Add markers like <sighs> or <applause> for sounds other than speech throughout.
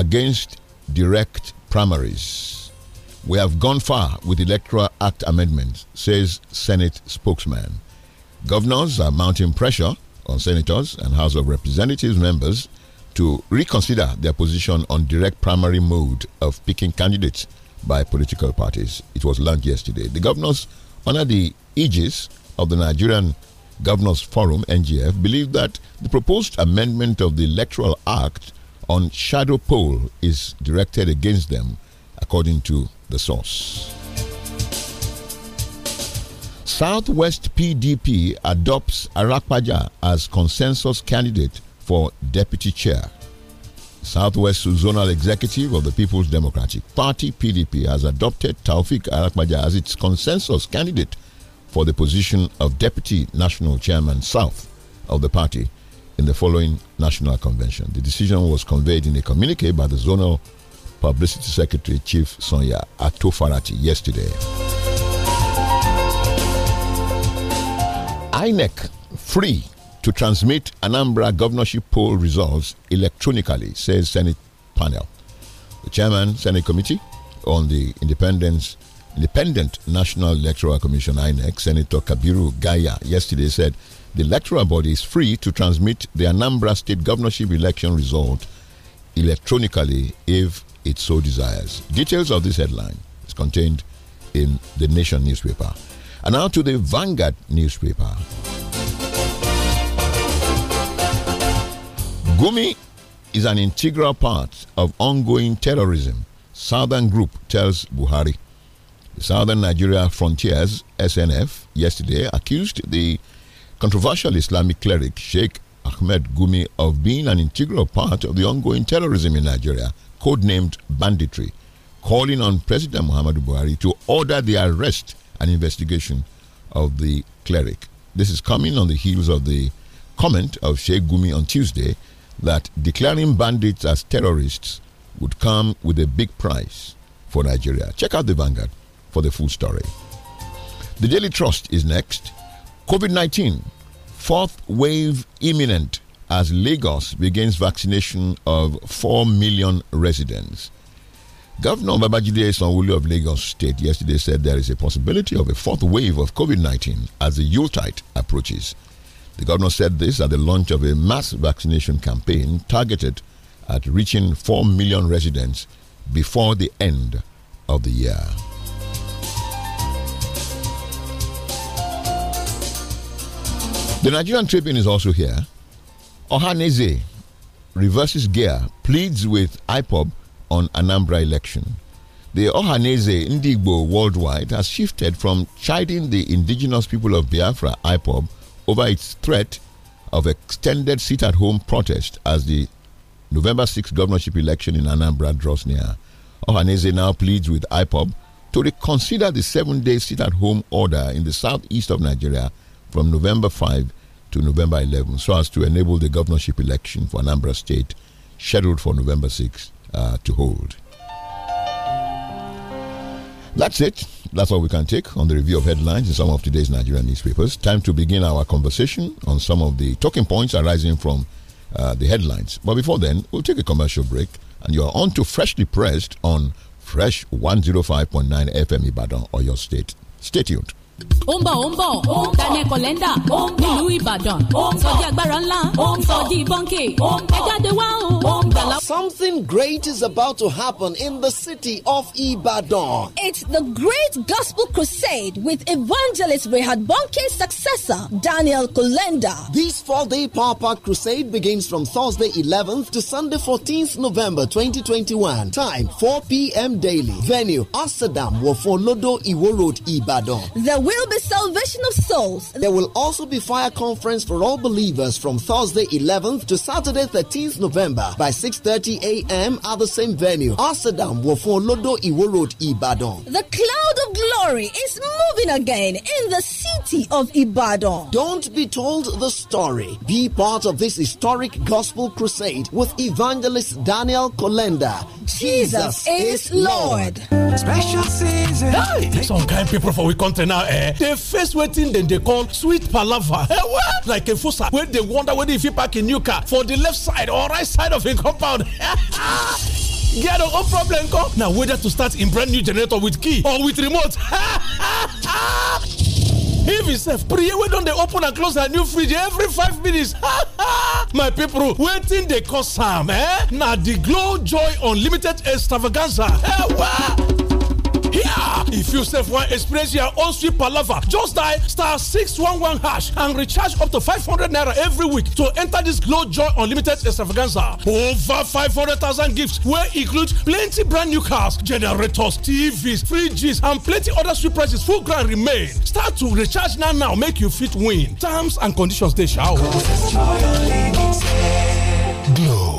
against direct primaries. We have gone far with Electoral Act amendments, says Senate spokesman. Governors are mounting pressure on senators and House of Representatives members to reconsider their position on direct primary mode of picking candidates by political parties. It was learned yesterday. The governors, under the aegis of the Nigerian Governors Forum, NGF, believe that the proposed amendment of the Electoral Act on shadow pole is directed against them, according to the source. Southwest PDP adopts Arakpaja as consensus candidate for deputy chair. Southwest Zonal Executive of the People's Democratic Party PDP has adopted Taufik Arakpaja as its consensus candidate for the position of Deputy National Chairman South of the party in the following national convention. The decision was conveyed in a communique by the zonal publicity secretary, Chief Sonia Atofarati, yesterday. INEC free to transmit Anambra governorship poll results electronically, says Senate panel. The chairman, Senate Committee on the Independence Independent National Electoral Commission, INEC, Senator Kabiru Gaya, yesterday said the electoral body is free to transmit the Anambra state governorship election result electronically if it so desires. Details of this headline is contained in the Nation newspaper. And now to the Vanguard newspaper. Gumi is an integral part of ongoing terrorism, Southern Group tells Buhari. The Southern Nigeria Frontiers, SNF, yesterday accused the controversial Islamic cleric Sheikh Ahmed Gumi of being an integral part of the ongoing terrorism in Nigeria, codenamed banditry, calling on President Muhammadu Buhari to order the arrest and investigation of the cleric. This is coming on the heels of the comment of Sheikh Gumi on Tuesday that declaring bandits as terrorists would come with a big price for Nigeria. Check out the Vanguard for the full story. The Daily Trust is next. COVID 19, fourth wave imminent as Lagos begins vaccination of 4 million residents. Governor Babajide Sanwulu of Lagos State yesterday said there is a possibility of a fourth wave of COVID 19 as the Yuletide approaches. The governor said this at the launch of a mass vaccination campaign targeted at reaching 4 million residents before the end of the year. The Nigerian Tribune is also here. Ohaneze reverses gear, pleads with IPOB on Anambra election. The Ohaneze indigo worldwide has shifted from chiding the indigenous people of Biafra, IPOB, over its threat of extended sit at home protest as the November 6 governorship election in Anambra draws near. Ohaneze now pleads with IPOB to reconsider the seven day sit at home order in the southeast of Nigeria from November 5 to November 11 so as to enable the governorship election for Anambra State scheduled for November 6 uh, to hold. That's it. That's all we can take on the review of headlines in some of today's Nigerian newspapers. Time to begin our conversation on some of the talking points arising from uh, the headlines. But before then, we'll take a commercial break and you're on to Freshly Pressed on Fresh 105.9 FM Ibadan or your state. Stay tuned. Daniel Kolenda nílùú Ìbàdàn sọjí agbára ńlá sọjí bọ́ńkì ẹ jáde wá o. Something great is about to happen in the city of Ibadan. It's the Great Gospel Crusade with evangelist Rehad Bonke's successor, Daniel Kolenda. This four day power packed crusade begins from Thursday 11th to Sunday 14th November 2021. Time 4 p.m. daily. Venue Asadam Wofolodo Iwo Road, Ibadan. The will be salvation of souls. There will also be fire conference for all believers from Thursday 11th to Saturday 13th November by 6:30 a.m. at the same venue. Asadam Wofo Iwo Road, Ibadan. The cloud of glory is moving again in the city of Ibadan. Don't be told the story. Be part of this historic gospel crusade with evangelist Daniel Kolenda. Jesus, Jesus is Lord. Lord. Special season. Hey, some kind people for we country now. Eh? Eh? there dey face wetin dem dey call sweet palava <laughs> eh, well like efusa wey dey wonder whether e fit park im new car for di left side or right side of im compound <laughs> get your own problem come na whether to start im brand new generator with key or with remote if e sef priye wey don dey open and close her new fridge every five minutes <laughs> my pipo wetin dey cause am eh na di glow joy unlimited extravaganza eh, Yeah! If you save one experience your own sweet palaver, just die star 611 hash and recharge up to 500 naira every week to enter this Glow Joy Unlimited extravaganza. Over 500,000 gifts will include plenty brand new cars, generators, TVs, fridges, and plenty other sweet prices. Full grand remain. Start to recharge now now, make you fit win. Terms and conditions they shall. Glow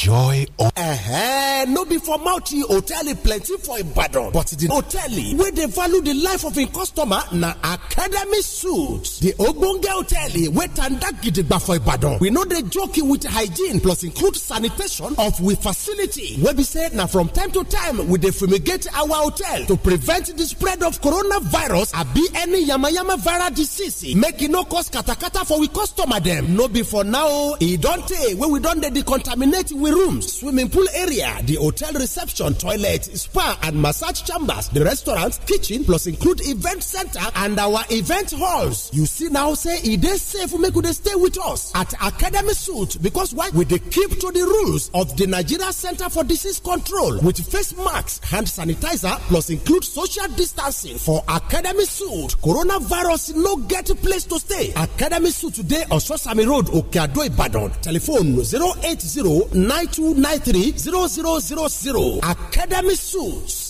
enjoy on. uh no be for mouthing hotel plenty for ibadan but di hotel wey dey value the life of im customer na academy suits The ogbonge hotel wey tanda gidigba for ibadan we no dey joking with hygiene plus include sanitation of we facility wey be say na from time to time we dey fumigate our hotel to prevent the spread of coronavirus abi any yamayama viral disease make e no cause katakata for we customer dem no be for now e don tey wey we don dey decontaminate we we rooms, swimming pool area, the hotel reception, toilet, spa and massage chambers, the restaurant, kitchen, plus include event center and our event halls. You see now say e dey safe make we stay with us at Academy Suit because why we dey keep to the rules of the Nigeria Center for Disease Control with face masks, hand sanitizer, plus include social distancing for Academy Suit. Coronavirus no get place to stay. Academy Suit today on Sosami Road, Okeado, Ibadan. Telephone 080 nine two nine three zero zero zero zero academy suits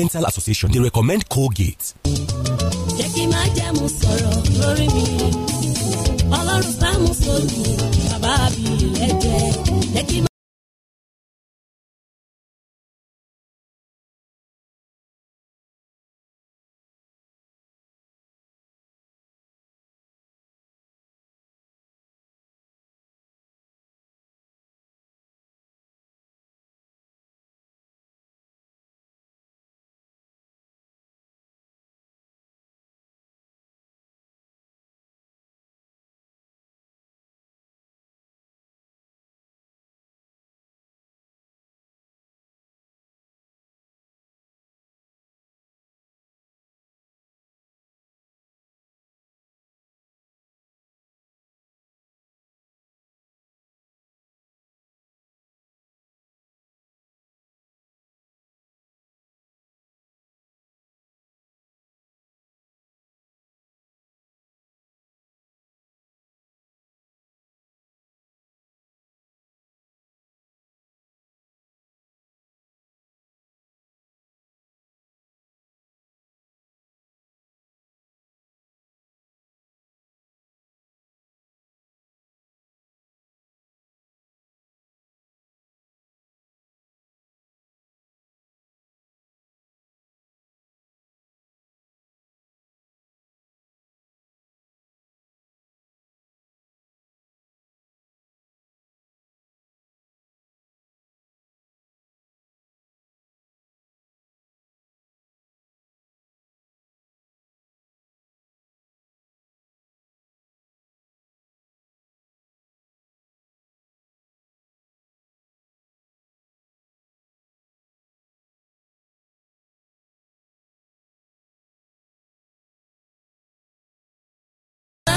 Dental Association they recommend Colgate. jẹ́ kí má jẹ́ mu sọ̀rọ̀ lórí mi ọlọ́run sáà mú sóògùn bàbá mi ẹ̀jẹ̀ jẹ́ kí má.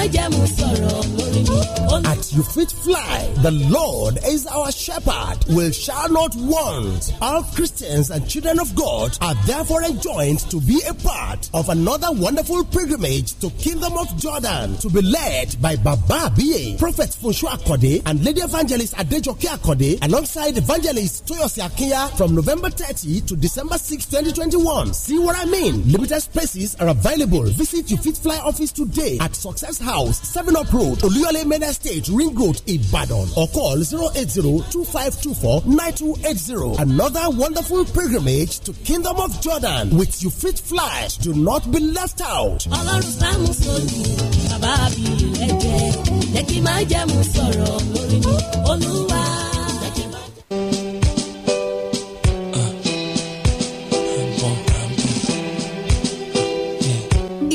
májẹ̀mú sọ̀rọ̀ At your feet fly. The Lord is our shepherd, we shall not want. All Christians and children of God are therefore enjoined to be a part of another wonderful pilgrimage to Kingdom of Jordan to be led by Baba Prophet Funshu Akode, and Lady Evangelist Adejoke Akode, alongside Evangelist Toyosi Akia, from November 30 to December 6, 2021. See what I mean? Limited spaces are available. Visit your feet Fly office today at Success House, 7 Up Road, Oluyole Mena State, Ring Road, Ibadan, or call 080-2524-9280. Another wonderful pilgrimage to Kingdom of Jordan with your feet flash. Do not be left out.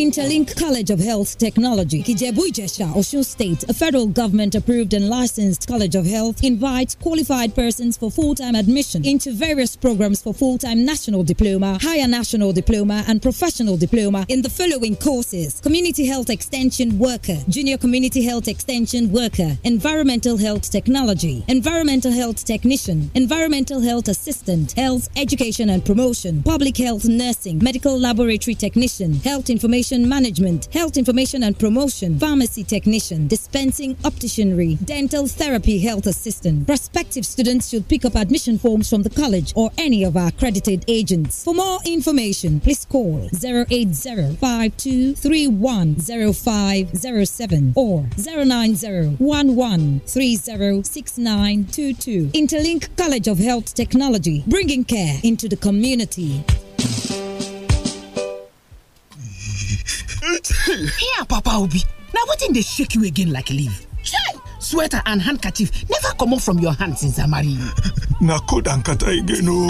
Interlink College of Health Technology, Kijebu Osun State, a federal government-approved and licensed College of Health, invites qualified persons for full-time admission into various programs for full-time national diploma, higher national diploma, and professional diploma in the following courses. Community Health Extension Worker, Junior Community Health Extension Worker, Environmental Health Technology, Environmental Health Technician, Environmental Health Assistant, Health Education and Promotion, Public Health Nursing, Medical Laboratory Technician, Health Information Management, Health Information and Promotion, Pharmacy Technician, Dispensing Opticianry, Dental Therapy Health Assistant. Prospective students should pick up admission forms from the college or any of our accredited agents. For more information, please call 080-5231-0507 or 090-1130-6922. Interlink College of Health Technology, bringing care into the community. <laughs> Here, Papa Obi. Now what wetin they shake you again like leaf? Chai! Sweater and handkerchief never come off from your hands since I marry you. <laughs> Na cold and kata again oh.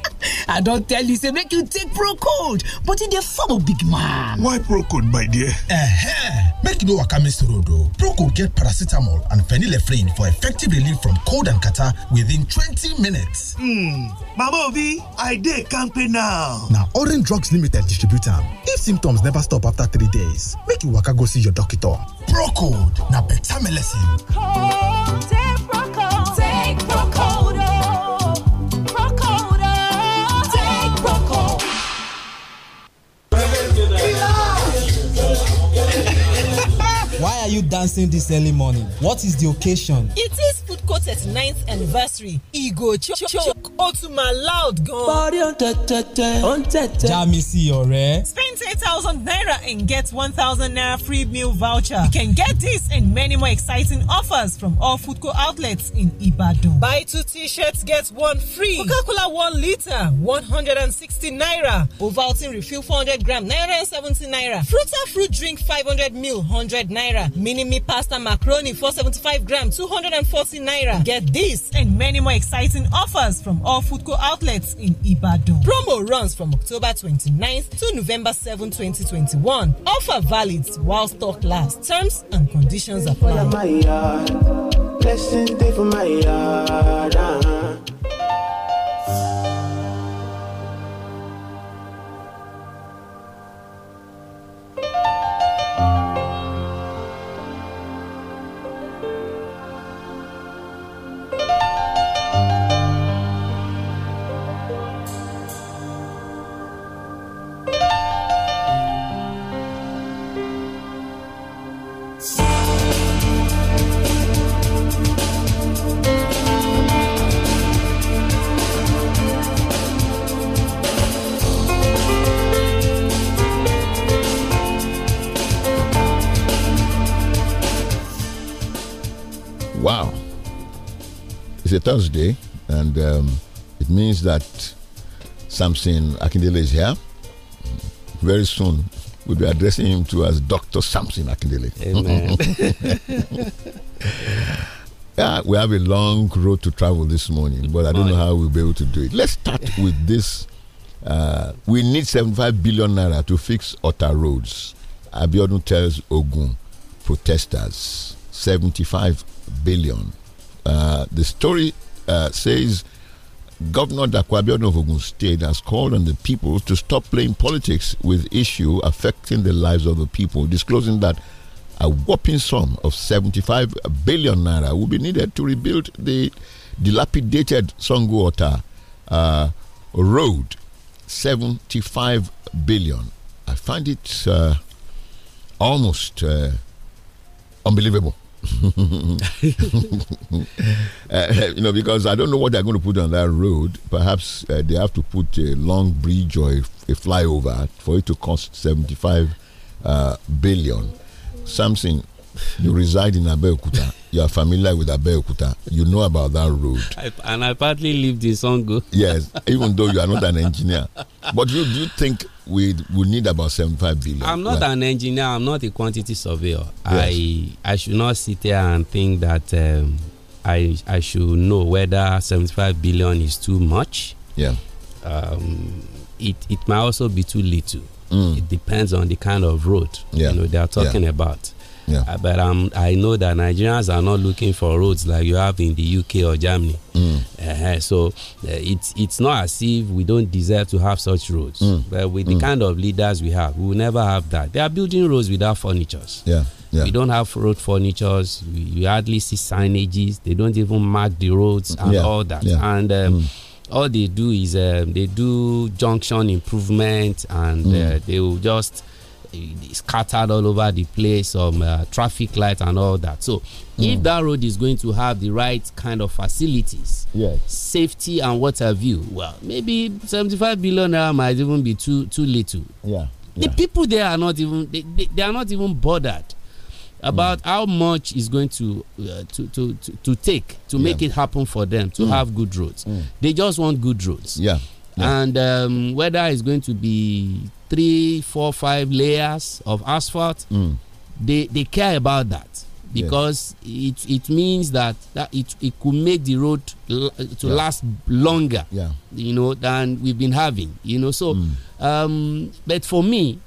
<laughs> don't tell you say make you take Procold, but in the form of big man. Why Procold my dear? Uh -huh. make you no waka miss road o Proco get paracetamol and phenylephrine for effective relief from cold and catarrh within 20 minutes. Hmm, Mama Obi, I dey kampe now. Na Orange Drugs Limited distribute am. If symptoms never stop after three days, make you waka go see your doctor. Proco na beta melecine. Why are you dancing this early morning? What is the occasion? It is Cisco 39th anniversary. Ìgò choke ó tún máa loud gan. Bọ́rí ó tete ń tẹ̀tẹ̀tẹ̀ ó ń tẹ̀tẹ̀. Jámísì ọ̀rẹ́. Spend eight thousand naira and get one thousand naira free meal voucher. You can get this and many more exciting offers from all Foodco outlets in Ibadan. Buy two t-shirts, get one free. Coca-Cola 1 litre, 160 naira. Ovaltine refill 400 gram, 970 naira. Fruta fruit drink 500 mil, 100 naira. Mini me pasta macaroni 475 gram, 240 naira. naira. Get this and many more exciting offers from all Foodco outlets in Ibadan. Promo runs from October 29th to November 7, 2021. Offer valid while stock lasts. Terms and conditions apply. Wow. It's a Thursday, and um, it means that Samson Akindele is here. Very soon, we'll be addressing him to as Dr. Samson Akindele. Amen. <laughs> <laughs> yeah, we have a long road to travel this morning, but I don't know how we'll be able to do it. Let's start with this. Uh, we need 75 billion naira to fix Otter roads. Abiodun tells Ogun protesters 75 billion. Uh, the story uh, says Governor Dakwabion of Ogun State has called on the people to stop playing politics with issue affecting the lives of the people, disclosing that a whopping sum of 75 billion naira will be needed to rebuild the dilapidated Songuota uh, road. 75 billion. I find it uh, almost uh, unbelievable uh, <laughs> you know, because I don't know what they're going to put on that road. Perhaps uh, they have to put a long bridge or a, a flyover for it to cost seventy-five uh, billion. Something you reside in Abeokuta. You are familiar with Abeokuta. You know about that road. I, and I partly live in Songo. Yes, even though you are not an engineer. But you do think we we need about 75 billion? I'm not an engineer. I'm not a quantity surveyor. Yes. I I should not sit there and think that um, I I should know whether 75 billion is too much. Yeah. Um, it it might also be too little. Mm. It depends on the kind of road yeah. you know they are talking yeah. about. Yeah. Uh, but um, I know that Nigerians are not looking for roads like you have in the UK or Germany. Mm. Uh-huh. Uh, so it's it's not as if we don't deserve to have such roads. Mm. But with mm. the kind of leaders we have, we will never have that. They are building roads without furnitures. Yeah. Yeah. We don't have road furnitures. We, we hardly see signages. They don't even mark the roads and yeah. all that. Yeah. And um, mm. all they do is um, they do junction improvement and uh, mm. uh, they will just scattered all over the place, some um, uh, traffic light and all that. So, mm. if that road is going to have the right kind of facilities, yes. safety and what have you, well, maybe 75 billion naira might even be too too little. Yeah. yeah. The people there are not even they, they, they are not even bothered about mm. how much is going to, uh, to, to, to to take to yeah. make it happen for them to mm. have good roads. Mm. They just want good roads. Yeah. Yeah. and um, whether it's going to be three, four, five layers of asphalt. Mm. They they care about that because yeah. it it means that, that it it could make the road to yeah. last longer. Yeah. You know than we've been having. You know so, mm. um, but for me,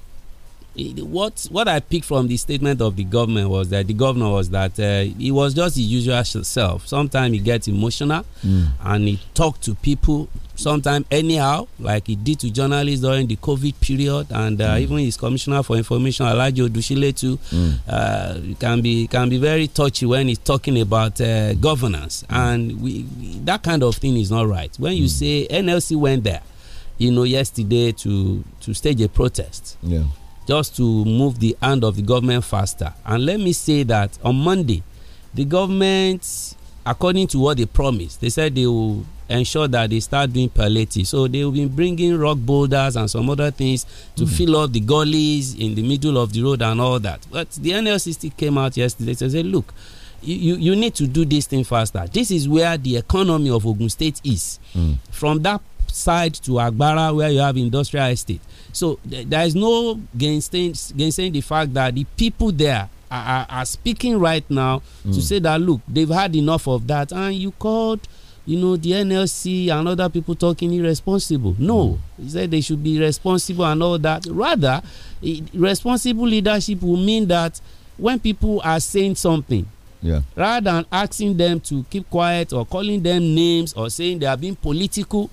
Eh, what what I picked from the statement of the government was that the governor was that uh, eh, he was just his usual self. Sometimes he gets emotional mm. and he talked to people. Sometimes anyhow, like he did to journalists during the COVID period, and uh, mm. even his commissioner for information, Alajo Dushile, too, mm. uh, can be can be very touchy when he's talking about eh, governance, hmm. and we, that kind of thing is not right. When you hmm. say NLC went there, you know, yesterday to to stage a protest, yeah just to move the hand of the government faster. And let me say that on Monday, the government, according to what they promised, they said they will ensure that they start doing palliative. So they will be bringing rock boulders and some other things to mm. fill up the gullies in the middle of the road and all that. But the NLC came out yesterday and said, look, you, you need to do this thing faster. This is where the economy of Ogun State is. Mm. From that side to Agbara where you have industrial estate. So th there is no gainsaying, the fact that the people there are, are, are speaking right now mm. to say that look, they've had enough of that, and you called you know the nlc and other people talking irresponsible no mm. he said they should be responsible and all that rather responsible leadership will mean that when people are saying something yeah. rather than asking them to keep quiet or calling them names or saying they are being political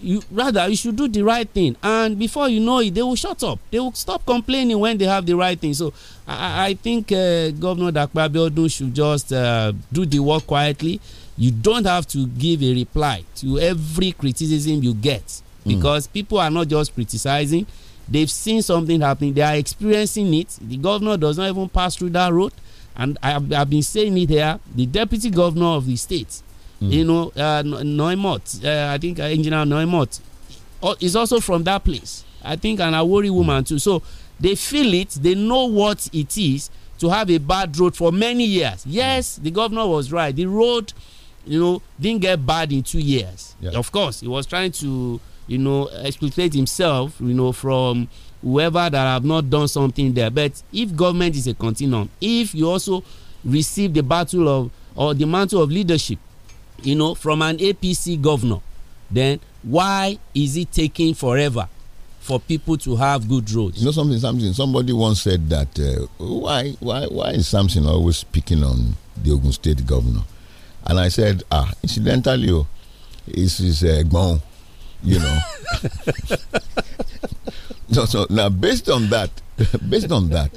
you rather you should do the right thing and before you know it they will shut up they will stop complaining when they have the right thing so i, I think uh, governor dakpa should just uh, do the work quietly you don't have to give a reply to every criticism you get hmm. because mm. people are not just criticizing they've seen something happening they are experiencing it the governor does not even pass through that road and I have, I've been saying it here the deputy governor of the state Mm. You know, uh, Neumot, uh, I think uh, engineer Neumot is oh, also from that place. I think an Awori woman too. So they feel it, they know what it is to have a bad road for many years. Yes, mm. the governor was right. The road, you know, didn't get bad in two years. Yeah. Of course, he was trying to, you know, exculpate himself, you know, from whoever that have not done something there. But if government is a continuum, if you also receive the battle of or the mantle of leadership you know, from an APC governor, then why is it taking forever for people to have good roads? You know something, something. Somebody once said that uh, why, why, why is Samson always picking on the Ogun State governor? And I said, ah, incidentally, oh, this is a uh, gone, you know. so, <laughs> so now, based on that, <laughs> based on that,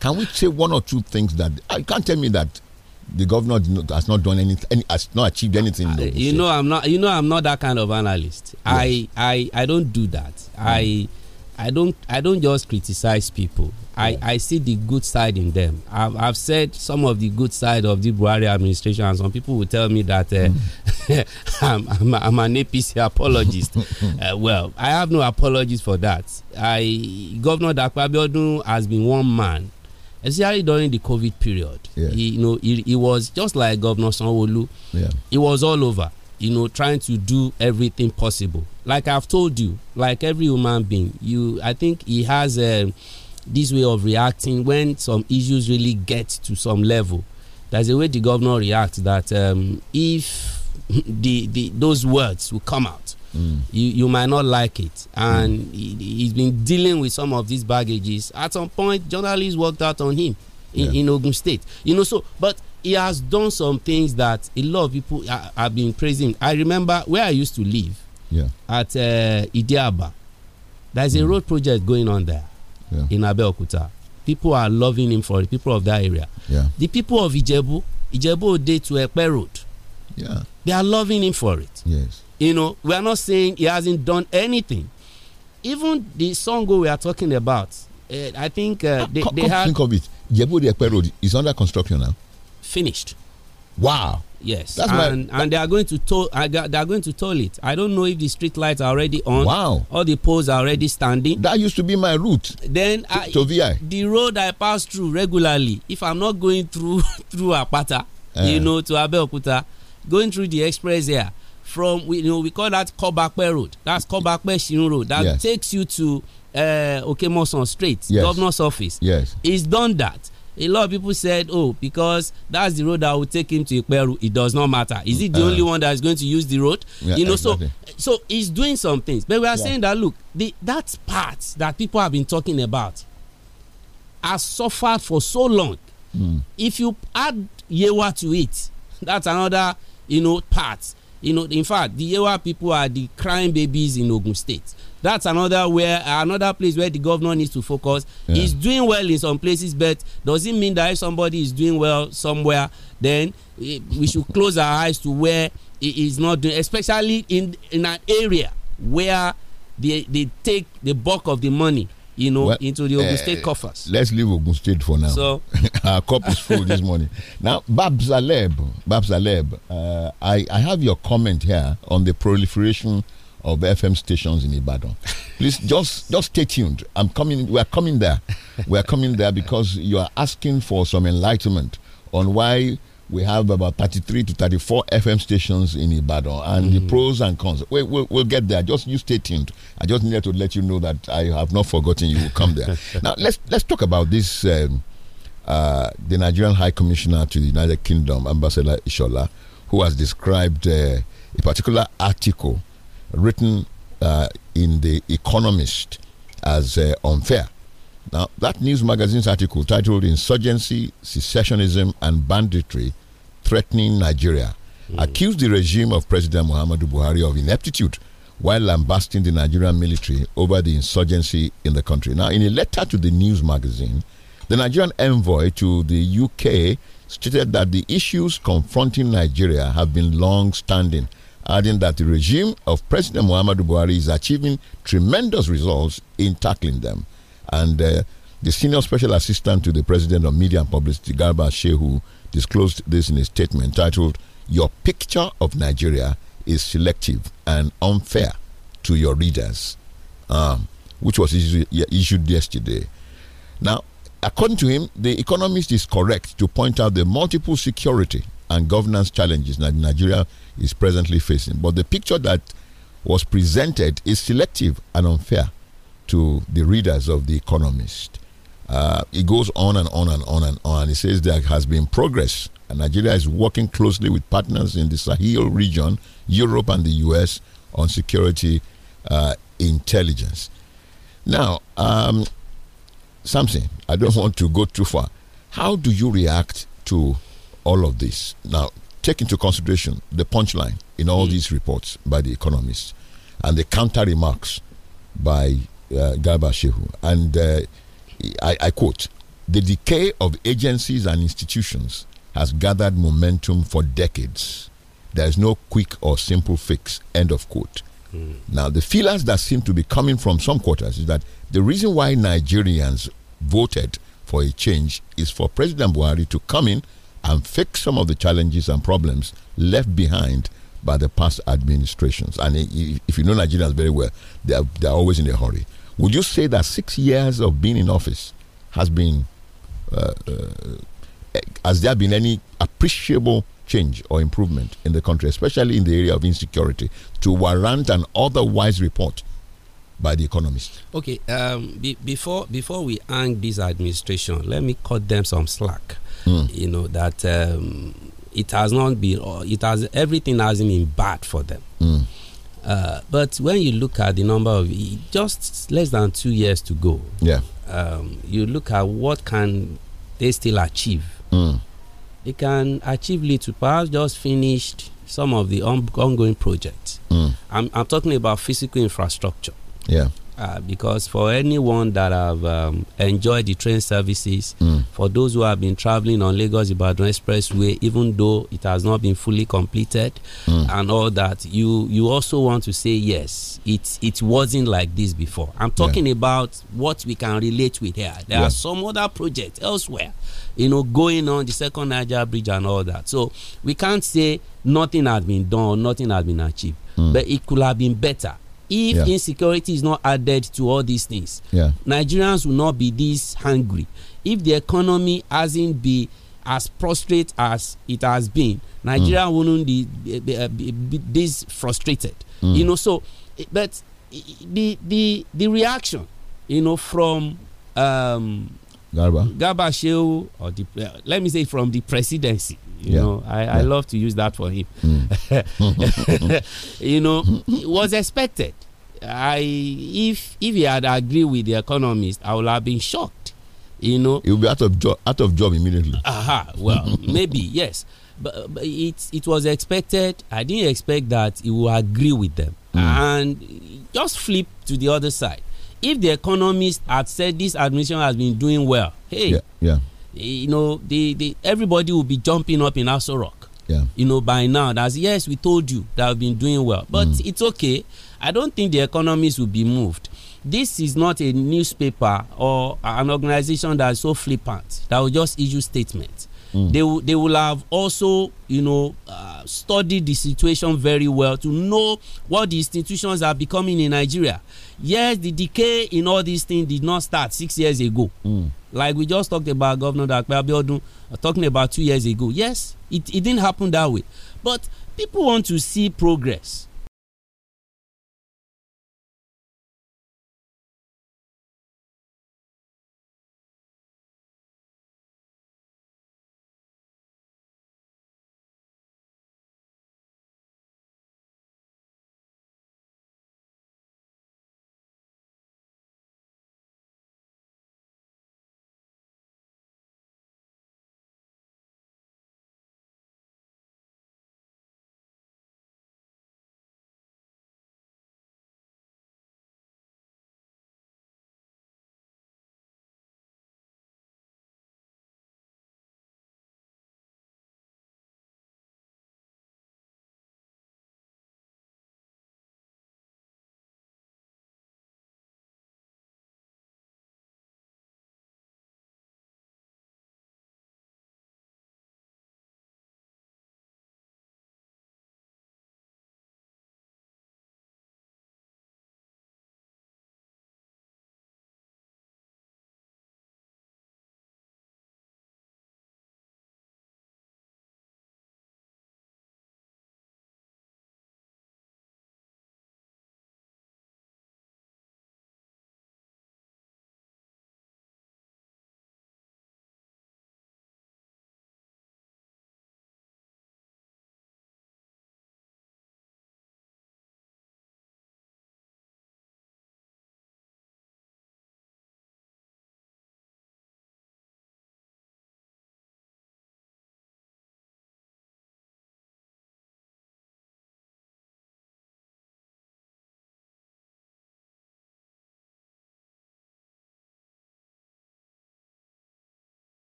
can we say one or two things that uh, you can't tell me that the governor has not done anything, any, has not achieved anything. you know, I'm not. You know, I'm not that kind of analyst. Yes. I, I, I don't do that. Mm. I, I don't. I don't just criticize people. I, I see the good side in them. I've, I've said some of the good side of the Buhari administration, and some people will tell me that uh, mm. <laughs> I'm, I'm, I'm, an APC <laughs> apologist. <laughs> uh, well, I have no apologies for that. I Governor Dakwabiodun has been one man especially during the COVID period. He, you know, he, he, was just like Governor Sanwoolu. Yeah. He was all over, you know, trying to do everything possible. Like I've told you, like every human being, you, I think he has um, this way of reacting when some issues really get to some level. There's a way the governor reacts that um, if <laughs> the, the those words will come out, Mm. You, you might not like it. And mm. he, has been dealing with some of these baggages. At some point, journalists worked out on him in, yeah. in Ogun State. You know, so, but he has done some things that a lot of people are, have been praising. I remember where I used to live yeah. at uh, Idiaba. There's mm. a road project going on there yeah. in Abeokuta. People are loving him for the people of that area. Yeah. The people of Ijebu, Ijebu Ode to Epe Road, yeah. they are loving him for it. Yes. You know, we are not saying he hasn't done anything. Even the song we are talking about, uh, I think uh, they, come, they come had. Think of it. is under construction now. Finished. Wow. Yes. That's and, my, and they are going to toll. They are going to toll it. I don't know if the street lights are already on. Wow. All the poles are already standing. That used to be my route. Then to, I, to VI. The road I pass through regularly. If I'm not going through <laughs> through Apata, uh. you eh. know, to Abeokuta, going through the express here from we you know we call that Kobape Road. That's Kobape Shin Road that yes. takes you to uh, Okemoson Street, yes. Governor's office. Yes, he's done that. A lot of people said, "Oh, because that's the road that will take him to where." It does not matter. Is it the uh, only one that is going to use the road? Yeah, you know, exactly. so so he's doing some things. But we are yeah. saying that look, the, that part that people have been talking about has suffered for so long. Mm. If you add Yewa to it, <laughs> that's another you know part you know, in fact, the Yewa people are the crying babies in Ogun State. That's another where another place where the governor needs to focus. Yeah. He's doing well in some places, but doesn't mean that if somebody is doing well somewhere, then eh, we should close our eyes to where he is not doing, especially in in an area where they they take the bulk of the money you know, well, into the Ogun uh, State coffers. Let's leave Ogun State for now. So <laughs> our cup is full this morning. Now, Bab Zaleb, Bab Zaleb, uh, I, I have your comment here on the proliferation of FM stations in Ibadan. Please just just stay tuned. I'm coming. We are coming there. We are coming there because you are asking for some enlightenment on why we have about 33 to 34 FM stations in Ibadan and mm. the pros and cons. We, will we'll get there. Just you stay tuned. I just needed to let you know that I have not forgotten you will come there. <laughs> now, let's, let's talk about this. Um, uh, the Nigerian High Commissioner to the United Kingdom, Ambassador Ishola, who has described uh, a particular article written uh, in The Economist as uh, unfair now, that news magazine's article titled Insurgency, Secessionism, and Banditry Threatening Nigeria mm. accused the regime of President Muhammadu Buhari of ineptitude while lambasting the Nigerian military over the insurgency in the country. Now, in a letter to the news magazine, the Nigerian envoy to the UK stated that the issues confronting Nigeria have been long standing, adding that the regime of President Muhammadu Buhari is achieving tremendous results in tackling them. And uh, the senior special assistant to the president of media and publicity, Garba Shehu, disclosed this in a statement titled, Your picture of Nigeria is selective and unfair to your readers, um, which was issued yesterday. Now, according to him, the economist is correct to point out the multiple security and governance challenges that Nigeria is presently facing. But the picture that was presented is selective and unfair to the readers of The Economist. Uh, it goes on and on and on and on. It says there has been progress, and Nigeria is working closely with partners in the Sahel region, Europe, and the US on security uh, intelligence. Now, um, something I don't want to go too far. How do you react to all of this? Now, take into consideration the punchline in all mm. these reports by the economists and the counter remarks by uh, Garba Shehu, and uh, I, I quote: "The decay of agencies and institutions has gathered momentum for decades. There is no quick or simple fix." End of quote. Mm. Now, the feelers that seem to be coming from some quarters is that the reason why Nigerians voted for a change is for President Buhari to come in and fix some of the challenges and problems left behind by the past administrations. And if you know Nigerians very well, they are, they are always in a hurry. Would you say that six years of being in office has been, uh, uh, eh, has there been any appreciable change or improvement in the country, especially in the area of insecurity, to warrant an otherwise report by the economist? Okay, um, be, before before we hang this administration, let me cut them some slack. Mm. You know that um, it has not been, it has everything hasn't been bad for them. Mm. Uh, but when you look at the number of just less than two years to go, yeah, um, you look at what can they still achieve. Mm. They can achieve little. Perhaps just finished some of the ongoing projects. Mm. I'm, I'm talking about physical infrastructure. Yeah, uh, because for anyone that have um, enjoyed the train services, mm. for those who have been traveling on Lagos Ibadan Expressway, even though it has not been fully completed mm. and all that, you you also want to say yes, it it wasn't like this before. I'm talking yeah. about what we can relate with here. There yeah. are some other projects elsewhere, you know, going on the second Niger Bridge and all that. So we can't say nothing has been done, nothing has been achieved, mm. but it could have been better if yeah. insecurity is not added to all these things yeah. nigerians will not be this hungry if the economy hasn't been as prostrate as it has been nigeria mm. wouldn't be, be, be, uh, be this frustrated mm. you know so but the the the reaction you know from um, Garba. Garba Shehu, or the, uh, let me say from the presidency. You yeah. know, I, yeah. I love to use that for him. Mm. <laughs> you know, it was expected. I if if he had agreed with the economist, I would have been shocked. You know, he would be out of job out of job immediately. Aha, well, <laughs> maybe yes, but, but, it it was expected. I didn't expect that he would agree with them mm. and just flip to the other side. if the economists had said this administration has been doing well, hey, yeah, yeah. Eh, you know, the, the everybody will be jumping up in Aso Rock. Yeah. You know, by now, that's yes, we told you that we've been doing well, but mm. it's okay. I don't think the economists will be moved. This is not a newspaper or an organization that is so flippant that will just issue statements. Mm. They, will, they will have also, you know, uh, studied the situation very well to know what the institutions are becoming in Nigeria. Yes, the decay in all these things did not start six years ago. Mm. Like we just talked about Governor Dakpe Abiodun uh, talking about two years ago. Yes, it, it didn't happen that way. But people want to see progress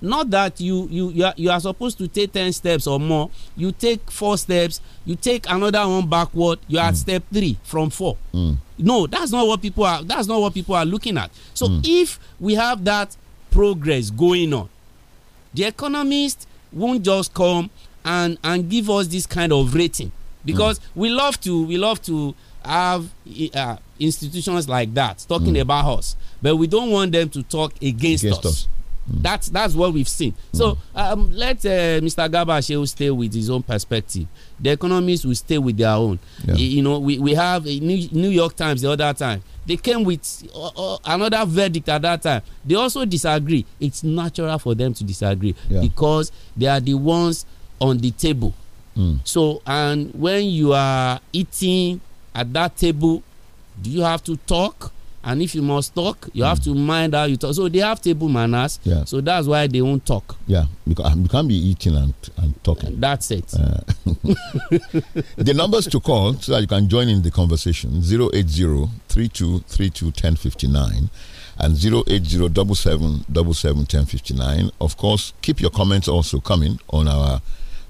not that you you you are, you are supposed to take 10 steps or more you take four steps you take another one backward you are mm. step three from four mm. no that's not what people are that's not what people are looking at so mm. if we have that progress going on the economist won't just come and and give us this kind of rating because hmm. we love to we love to have eh, uh, institutions like that talking hmm. about us but we don't want them to talk against, against us. us that's that's what we've seen. So hmm. um, let uh, Mr. Garba stay with his own perspective. The economists will stay with their own. Yeah. You know, we, we have New York Times the other time. They came with uh, uh, another verdict at that time. They also disagree. It's natural for them to disagree yeah. because they are the ones on the table. Mm. So, and when you are eating at that table, do you have to talk? and if you must talk you mm. have to mind how you talk so they have table manners yeah. so that's why they won't talk yeah because uh, you can't be eating and, and talking that's it uh, <laughs> the numbers to call so that you can join in the conversation 080 1059 and 080 of course keep your comments also coming on our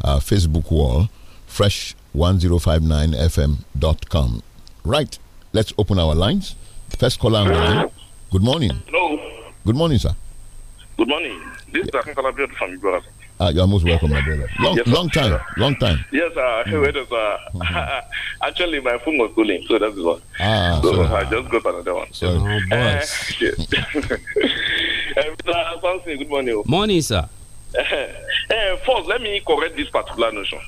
uh, facebook wall fresh1059fm.com right let's open our lines First caller on the line. Good morning. Hello. Good morning, sir. Good morning. This yeah. is Akin from Igora. Ah, you are most welcome, my brother. Long, yes, long time, long time. Yes, sir. mm. wait, mm -hmm. <laughs> actually, my phone was calling, so that's one. Ah, so, I just got another one. So, oh, boss. <laughs> Eh, good morning. Morning, sir. <laughs> Eh, first, let me correct this particular notion.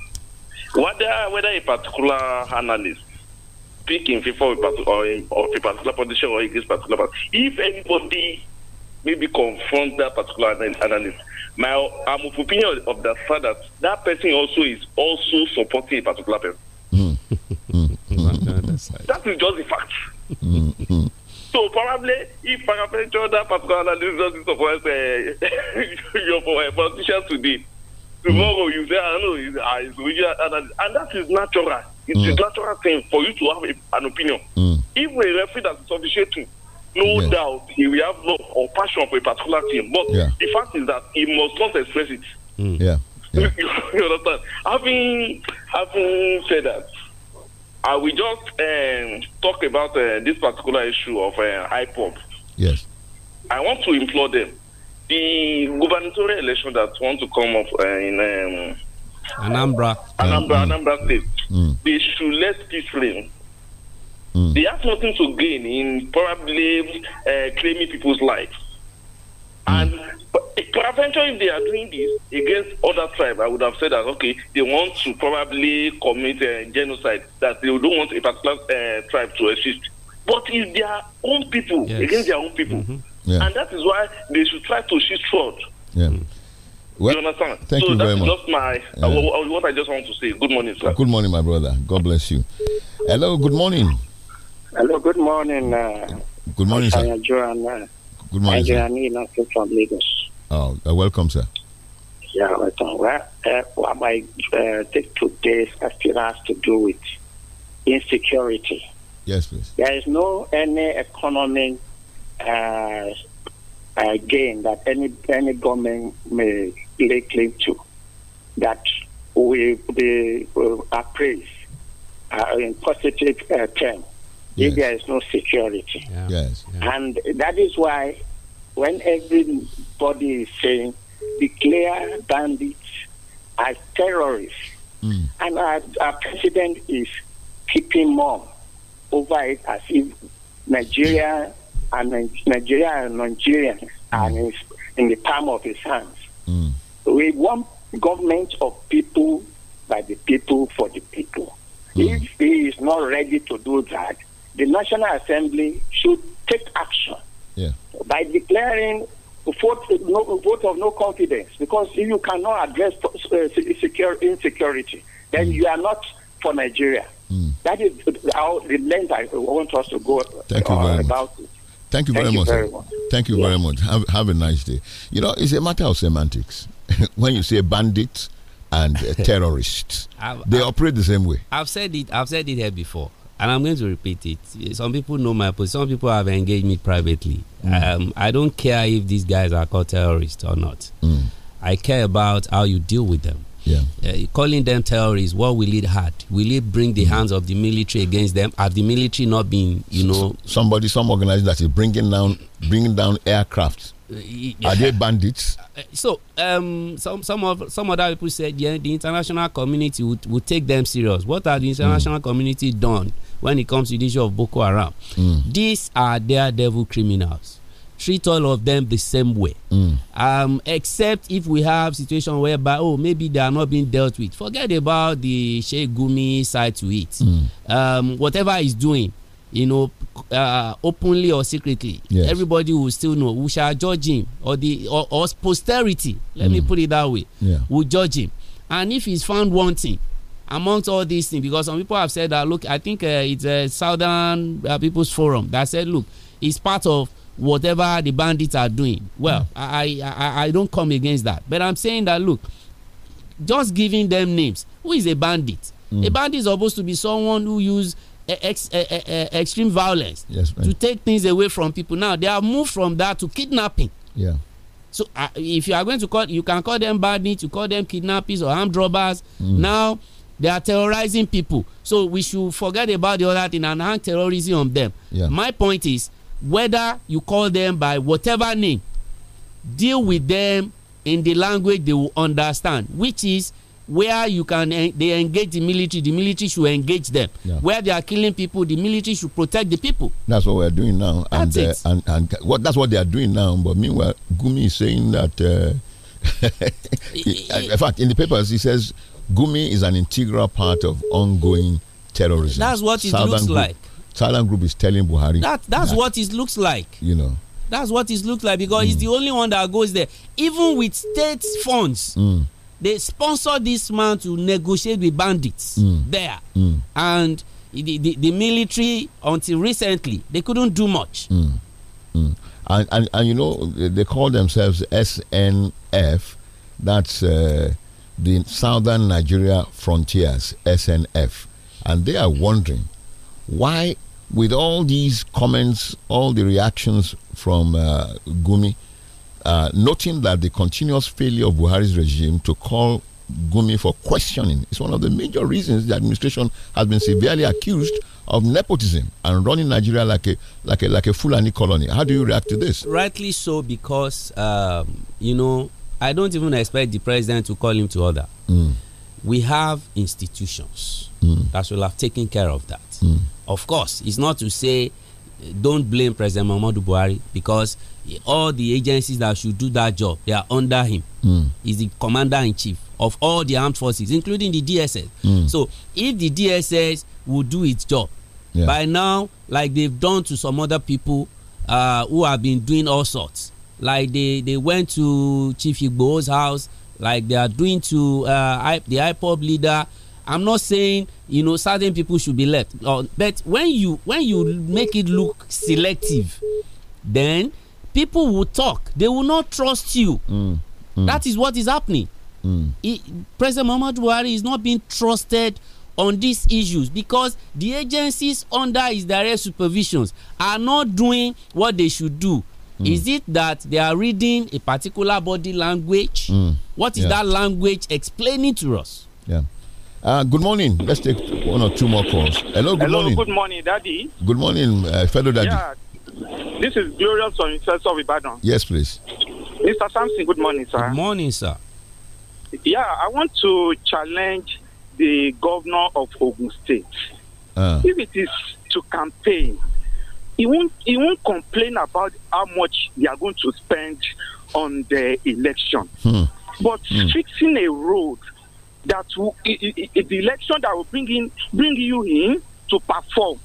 Whether, whether a particular analyst speak in favor of, or in, of a particular position or against particular party. If anybody maybe confront that particular analyst, my I'm of opinion of that fact that that person also is also supporting a particular person. Hmm. Hmm. that is just a fact. Hmm. So probably if paraventure that particular analyst doesn't support uh, eh, <laughs> your eh, politician today, tomorrow you say, I ah, know, he's uh, it's, ah, and that is natural. It's mm. a natural thing for you to have a, an opinion. Mm. Even a referee that is officiating, no yes. doubt he will have love or passion for a particular team. But yeah. the fact is that he must not express it. Mm. Yeah. <laughs> yeah. you understand? Having, having said that, I will just um, talk about uh, this particular issue of uh, IPOP. Yes. I want to implore them. The gubernatorial election that want to come up uh, in um, Anambra. Anambra, mm. Anambra State. Mm. They should let peace reign. Mm. They have nothing to gain in probably uh, claiming people's lives. Mm. And peradventure, if they are doing this against other tribes, I would have said that, okay, they want to probably commit uh, genocide, that they don't want a particular uh, tribe to exist. But it's their own people, yes. against their own people. -hmm. Yeah. And that is why they should try to shift fraud. Yeah. Mm. Well, you understand? Thank so you very much. Just my uh, what I just want to say. Good morning, sir. Good morning, my brother. God bless you. Hello. Good morning. Hello. Good morning. Uh, good morning, sir. Joan, uh, good morning, sir. Nina from Lagos. Oh, uh, welcome, sir. Yeah, welcome. Well, uh, what my uh, take today's question has to do with insecurity. Yes, please. There is no any economic uh, uh, gain that any any government may lay claim to, that we they uh, appraise uh, in positive uh, terms yes. if there is no security. Yeah. Yes, yeah. And that is why when everybody is saying declare bandits as terrorists, mm. and our, our president is keeping mum over it as if Nigeria and Nigeria and Nigerians mm. are in, in the palm of his hands. Mm. We want government of people by the people for the people. Mm. If he is not ready to do that, the National Assembly should take action yeah. by declaring vote, no, vote of no confidence. Because if you cannot address uh, insecurity, then mm. you are not for Nigeria. Mm. That is how the length I want us to go Thank you very uh, about much. it. Thank you, Thank very, you much. very, much. Thank you yeah. very much. Have, have a nice day. You know, it's a matter of semantics. <laughs> when you say bandits and uh, <laughs> terrorists, they I've, operate the same way. I've said it. I've said it here before, and I'm going to repeat it. Some people know my position. Some people have engaged me privately. Mm. Um, I don't care if these guys are called terrorists or not. Mm. I care about how you deal with them. Yeah. Uh, calling them terrorists, what will it hurt? Will it bring the mm. hands of the military against them? Have the military not been, you know, somebody, some organization that is bringing down, bringing down aircraft Uh, are they bandits? Uh, so, um, some some of some other people said yeah, the international community would, would take them serious. What are the international mm. community done when it comes to the issue of Boko Haram? Mm. These are daredevil criminals. Treat all of them the same way. Mm. Um, except if we have situation whereby oh maybe they are not being dealt with. Forget about the Sheikh Gumi side to it. Hmm. Um, whatever he's doing, you know, uh, openly or secretly, yes. everybody will still know. We shall judge him, or the or, or posterity. Let mm. me put it that way. Yeah. Will judge him, and if he's found wanting amongst all these things, because some people have said that. Look, I think uh, it's a uh, Southern uh, People's Forum that said, look, it's part of whatever the bandits are doing. Well, mm. I, I I don't come against that, but I'm saying that look, just giving them names. Who is a bandit? Mm. A bandit is supposed to be someone who use ex, extreme violence yes, to take things away from people. Now they have moved from that to kidnapping. Yeah. So uh, if you are going to call, you can call them bandits, you call them kidnappers or armed robbers. Mm. Now they are terrorizing people. So we should forget about the other thing and hang terrorism on them. Yeah. My point is whether you call them by whatever name, deal with them in the language they will understand, which is where you can eh, they engage the military the military should engage them yeah. where they are killing people the military should protect the people that's what we're doing now that's and, it. Uh, and and what that's what they are doing now but meanwhile gumi is saying that uh, <laughs> in fact in the papers he says gumi is an integral part of ongoing terrorism that's what it Southern looks group, like Southern group is telling buhari that that's that, what it looks like you know that's what it looks like because mm. he's hmm. the only one that goes there even with state funds mm they sponsored this man to negotiate with bandits mm. there mm. and the, the, the, military until recently they couldn't do much mm. mm. And, and, and you know they call themselves snf that's uh, the southern nigeria frontiers snf and they are wondering why with all these comments all the reactions from uh, gumi uh, noting that the continuous failure of Buhari's regime to call Gumi for questioning is one of the major reasons the administration has been severely accused of nepotism and running Nigeria like a like a like a Fulani colony. How do you react to this? Rightly so, because um, you know I don't even expect the president to call him to order. Mm. We have institutions mm. that will have taken care of that. Mm. Of course, it's not to say uh, don't blame President Muhammadu Buhari because all the agencies that should do that job they are under him mm. he's the commander in chief of all the armed forces including the dss mm. so if the dss would do its job yeah. by now like they've done to some other people uh, who have been doing all sorts like they they went to chief igbo's house like they are doing to uh, the IPOP leader i'm not saying you know certain people should be left uh, but when you when you make it look selective then people will talk they will not trust you mm. Mm. that is what is happening mm. he, president muhammad buhari is not being trusted on these issues because the agencies under his direct supervision are not doing what they should do mm. is it that they are reading a particular body language mm. what is yeah. that language explaining to us yeah uh, good morning. Let's take one or two more calls. Hello, good Hello, morning. Good morning, Daddy. Good morning, uh, fellow Daddy. Yeah, this is Glorious from Professor Ibadan. Yes, please. Mr. Sampson, good morning, sir. Good morning, sir. Yeah, I want to challenge the governor of Ogun State. Uh. If it is to campaign, he won't, he won't complain about how much they are going to spend on the election. Hmm. But hmm. fixing a road that will, the election that will bring, in, bring you in to perform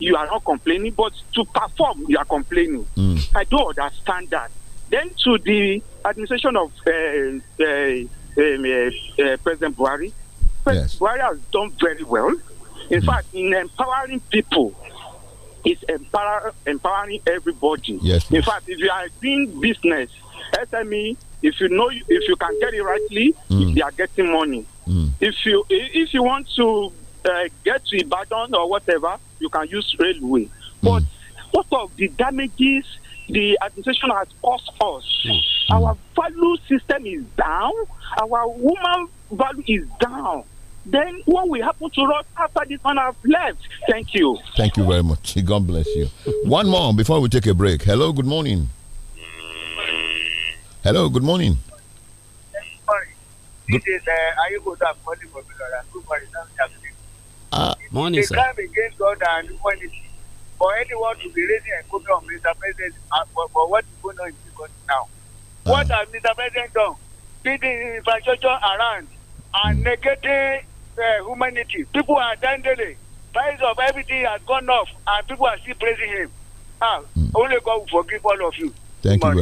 you are not complaining, but to perform, you are complaining. Mm. I do understand that. Then to the administration of uh, uh, um, uh, uh, President Buhari, President yes. Buhari has done very well. In mm. fact, in empowering people, it's empower, empowering everybody. Yes, in fact, if you are doing business, SME, if you know if you can get it rightly, mm. they are getting money. Mm. If you if you want to uh, get to Ibadan or whatever, you can use railway. Mm. But what of the damages the administration has caused us? Mm. Our value system is down. Our woman value is down. Then what will happen to us after this man has left? Thank you. Thank you very much. <laughs> God bless you. one more before we take a break. Hello, good morning. Hello, good morning. Good morning. This is uh, Ayuboda. calling from Good morning. Morning, they sir. come against God and humanity. For anyone to be raising a copy of Mr. President for, uh, for what is going on in the country now. Uh. What has Mr. President done? Building infrastructure around and mm. negating uh, humanity. People are dandelion. Price of everything has gone up and people are still praising him. Ah, mm. Only God will forgive all of you. Thank Good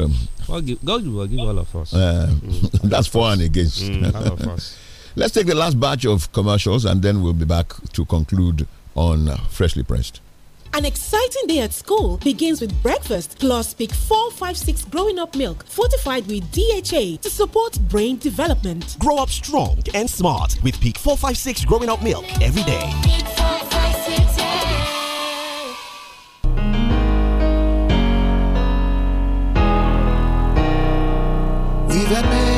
you, God will forgive all of us. Uh, mm. <laughs> That's for and against. Mm, all of us. <laughs> Let's take the last batch of commercials and then we'll be back to conclude on uh, Freshly Pressed. An exciting day at school begins with breakfast plus pick 456 growing up milk fortified with DHA to support brain development. Grow up strong and smart with pick 456 growing up milk every day. We've had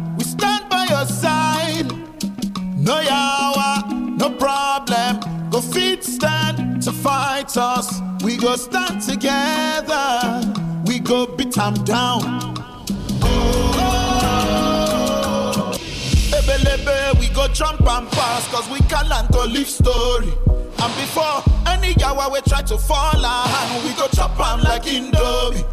No yawa, no problem. Go feet stand to fight us. We go stand together. We go beat them down. Oh, oh, oh. we go jump and pass, cause we can't and go live story. And before any yawa we try to fall on, we go chop them like Indomie.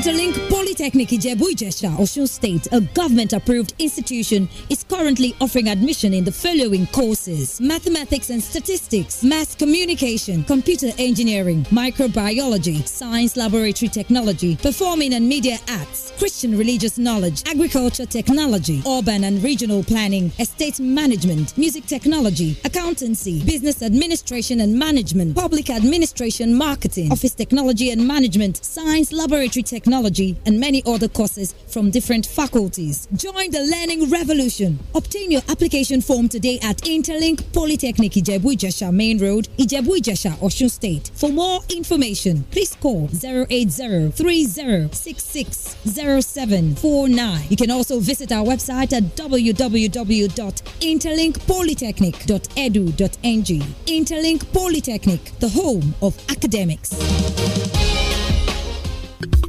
Interlink Polytechnic Ijebu-Ijesha, Osun State, a government-approved institution, is currently offering admission in the following courses: Mathematics and Statistics, Mass Communication, Computer Engineering, Microbiology, Science Laboratory Technology, Performing and Media Arts, Christian Religious Knowledge, Agriculture Technology, Urban and Regional Planning, Estate Management, Music Technology, Accountancy, Business Administration and Management, Public Administration Marketing, Office Technology and Management, Science Laboratory Technology technology, and many other courses from different faculties. Join the learning revolution. Obtain your application form today at Interlink Polytechnic Ijebu Ijesha Main Road, Ijebu Ijesha, Osun State. For more information, please call 080-3066-0749. You can also visit our website at www.interlinkpolytechnic.edu.ng. Interlink Polytechnic, the home of academics.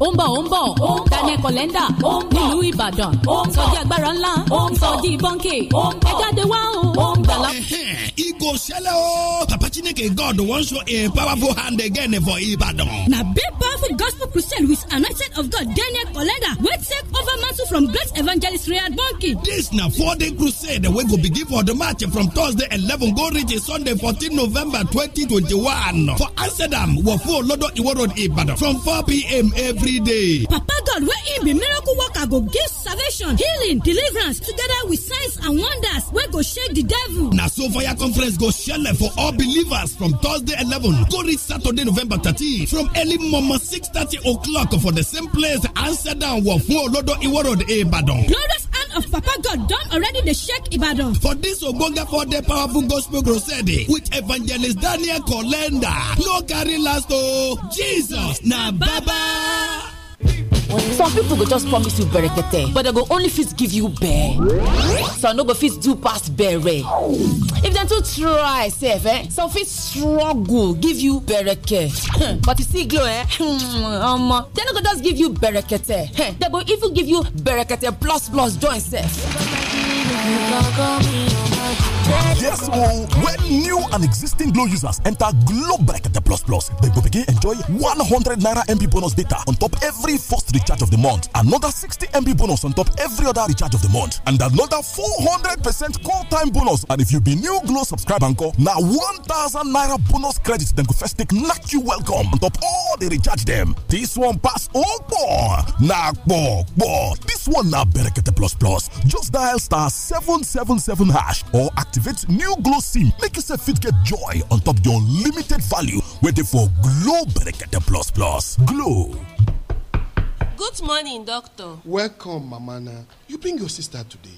ó ń bọ̀ ó ń bọ̀ Daniel Kolenda nílùú Ìbàdàn sọjí agbára ńlá sọjí bọ́ńkì ẹ jáde wá o. Igo ṣẹlẹ̀ o. Papa Chineke God wan show a powerful hand again for Ibadan. Na big powerful gospel crusade with anointing of God Daniel Kolenda wey take over mantle from great evangelist Riyad Bọ́ńkì. Dis na four-day crusade wey go begin for the march from Thursday eleven go reach Sunday fourteen November twenty twenty one for Amsterdam, Wofo Olodo Iwo Road, Ibadan from four pm every every day. Papa God where im be miracle worker go give salvation, healing, deliverance together with signs and wonders Where go shake the devil. Na so fire conference go shele for all believers from Thursday 11 go reach Saturday November 13 from early momo 6:30 o'clock for the same place Amsterdam wọ fún Olodo Iwo Road ebadon. Glorious hand of Papa God done already the shake Ibadan. For this ogbonge for the powerful gospel crusade with evangelist Daniel Kolenda no carry last o. Oh, Jesus na baba some people go just promise you berekete but dem go only fit give you bear some no go fit do pass bere if dem too try sef eh some fit struggle give you bereke hmm, but you see glow eh omo hmm, dem no go just give you berekete hmm, dem go even give you berekete plus plus join sef Yes, oh, when new and existing Glow users enter Glow Bracket Plus Plus, they will begin enjoy 100 Naira MB bonus data on top every first recharge of the month, another 60 MB bonus on top every other recharge of the month, and another 400% call time bonus. And if you be new Glow subscriber, now 1000 Naira bonus credits, then go first take knock you welcome on top all the recharge them. This one pass all four. Nah, four, four. This one now Bracket Plus Plus. Just dial star 777 hash or activate activate new glow sim make yourself fit get joy on top your unlimited value waiting for glow berekete plus plus glow good morning doctor welcome mamana you bring your sister today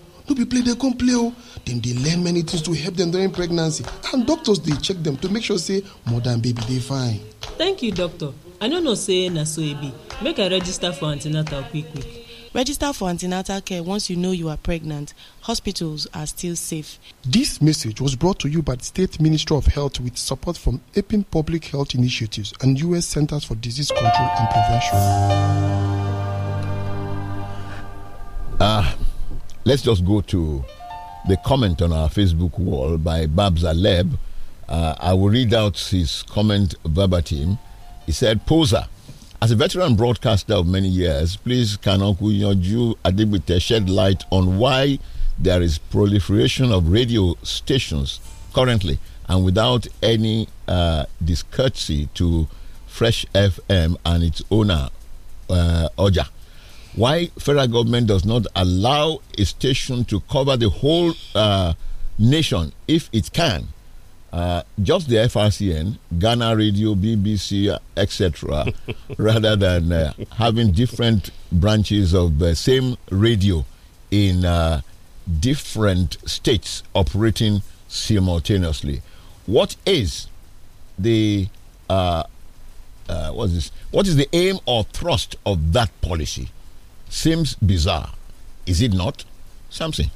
no be play dem come play o oh. dem dey learn many things to help dem during pregnancy and doctors dey check dem to make sure say mother and baby dey fine. thank you doctor i no know say na so e be make i register for an ten atal quick quick. register for an ten atal care once you know you are pregnant hospitals are still safe. this message was brought to you by the state ministry of health with support from epin public health initiatives and us centers for disease control and prevention. ah. Uh. Let's just go to the comment on our Facebook wall by Babs Aleb. Uh, I will read out his comment verbatim. He said, Poser, as a veteran broadcaster of many years, please can Uncle Yonju Adibute shed light on why there is proliferation of radio stations currently and without any uh, discourtesy to Fresh FM and its owner, uh, Oja why federal government does not allow a station to cover the whole uh, nation if it can. Uh, just the FRCN, Ghana Radio, BBC, etc., <laughs> rather than uh, having different branches of the same radio in uh, different states operating simultaneously. What is the uh, uh, what is what is the aim or thrust of that policy? seems bizarre. Is it not, Something.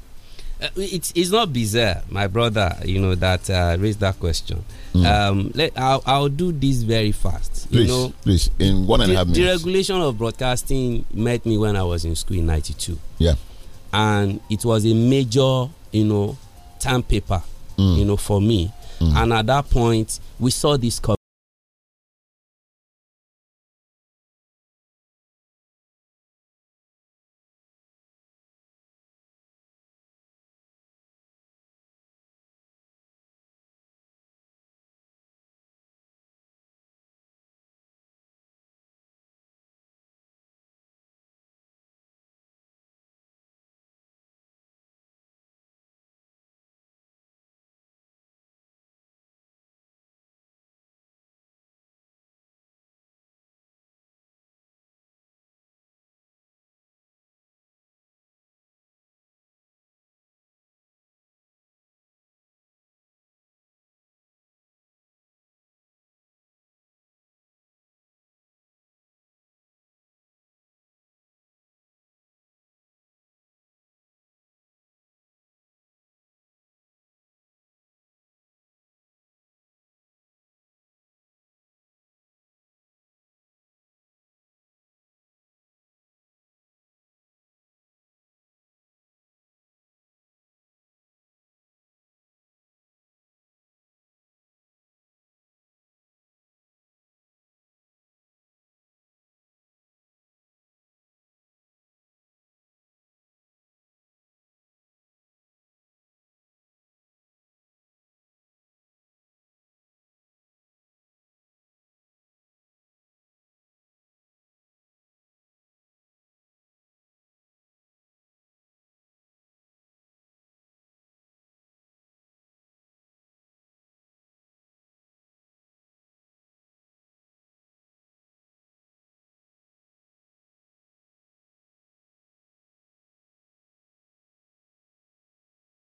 Uh, it's, it's not bizarre, my brother, you know, that uh, raised that question. Mm. Um, let, I'll, I'll do this very fast. Please, you know, please, in one and the, a half minutes. The regulation of broadcasting met me when I was in school in 92. Yeah. And it was a major, you know, time paper, mm. you know, for me. Mm. And at that point, we saw this coming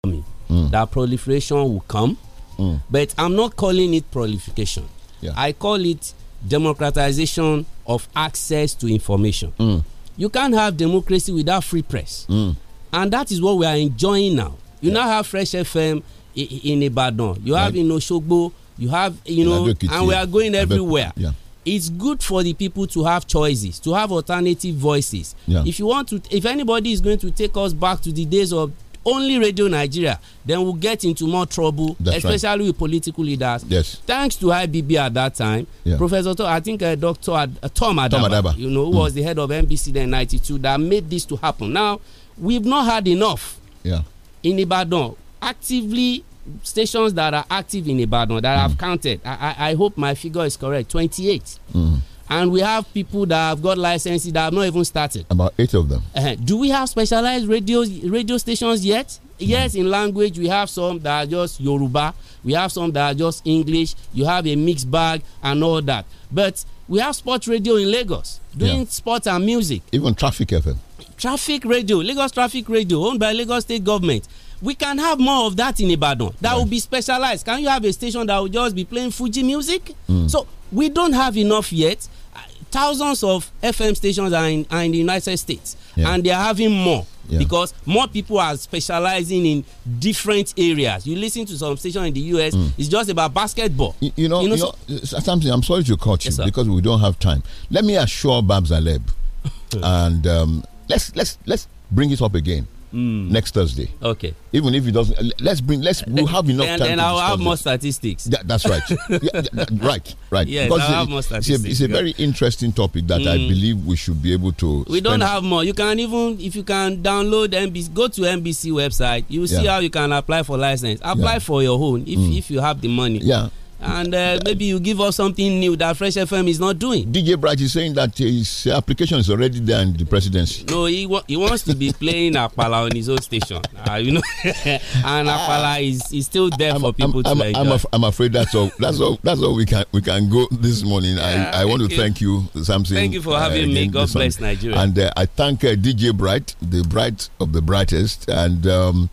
economy mm. that proliferation will come. Mm. But I'm not calling it proliferation. Yeah. I call it democratization of access to information. Mm. You can't have democracy without free press. Mm. And that is what we are enjoying now. You yeah. now have Fresh FM in Ibadan. You have right. in Oshogbo. You have, you know, and we are going everywhere. Yeah it's good for the people to have choices to have alternative voices yeah. if you want to if anybody is going to take us back to the days of only Radio Nigeria, then we'll get into more trouble, That's especially right. with political leaders. Yes. Thanks to IBB at that time, yeah. Professor, I think uh, Dr. Ad, uh, Tom, Adaba, Tom Adaba, you know, who mm. was the head of NBC then 92, that made this to happen. Now, we've not had enough yeah. in Ibadan. Actively, stations that are active in Ibadan that mm. I've counted, I, I, I, hope my figure is correct, 28. Mm and we have people that have got licenses that have not even started. About eight of them. Uh -huh. Do we have specialized radio radio stations yet? Yes, in language we have some that are just Yoruba, we have some that are just English. You have a mixed bag and all that, but we have sports radio in Lagos doing yeah. sports and music. Even traffic FM. Traffic radio, Lagos Traffic Radio, owned by Lagos State government we can have more of that in Ibadan. That right. will be specialized. Can you have a station that will just be playing Fuji music? Mm. So we don't have enough yet thousands of FM stations are in, are in the United States, yeah. and they are having more yeah. because more people are specializing in different areas. You listen to some station in the US, mm. it's just about basketball. You, you know, you know, you know so something. I'm sorry to cut you yes, because we don't have time. Let me assure Bab Zaleb, <laughs> and um, let's let's let's bring it up again mm. next Thursday. Okay. Even if it doesn't, let's bring. Let's. We'll have enough and, time. And I'll have more statistics. Yeah, that's right. <laughs> yeah, that, right. Right. Yeah. because I'll it, have more statistics. It's a, it's a very interesting topic that mm. I believe we should be able to. We don't have more. You can even if you can download NBC, go to NBC website. You will see how you can apply for license. Apply for your own if mm. if you have the money. Yeah and uh, maybe you give us something new that Fresh FM is not doing. DJ Bright is saying that his application is already there in the presidency. No, he, wa he wants to be playing Apala on his own station. Uh, you know, <laughs> and Apala is, is still there I'm, for people I'm, to I'm, I'm, afraid that's all. That's all. That's all we can we can go this morning. Yeah, I, I want to you. thank you, Samson. Thank you for having uh, me. God bless Nigeria. And uh, I thank uh, DJ Bright, the bright of the brightest. And um,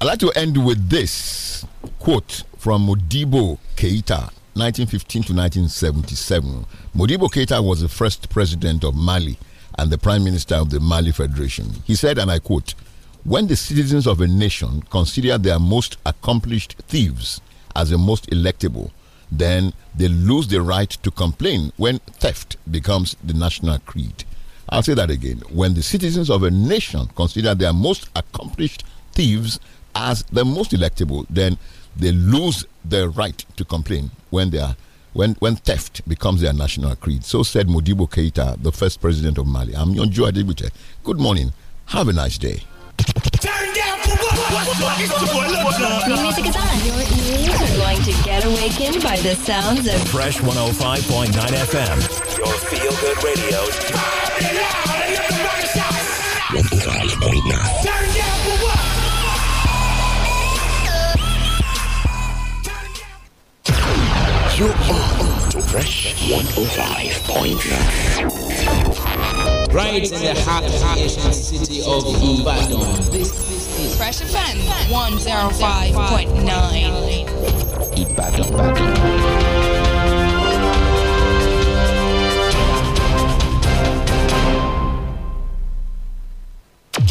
I'd like to end with this quote from Modibo Keita, 1915 to 1977. Modibo Keita was the first president of Mali and the prime minister of the Mali Federation. He said, and I quote, When the citizens of a nation consider their most accomplished thieves as the most electable, then they lose the right to complain when theft becomes the national creed. I'll say that again. When the citizens of a nation consider their most accomplished thieves as the most electable, then they lose their right to complain when they are when when theft becomes their national creed. So said Modibo Keita, the first president of Mali. I'm Yonjo Adibuche. Good morning. Have a nice day. The music is on. Your ears are going to get awakened by the sounds of Fresh 105.9 FM. Your feel good radio. You are to Fresh 105.9. Right in the heart of the city of Ibadan. Fresh Offense 105.9. Ibadan. Ibadan.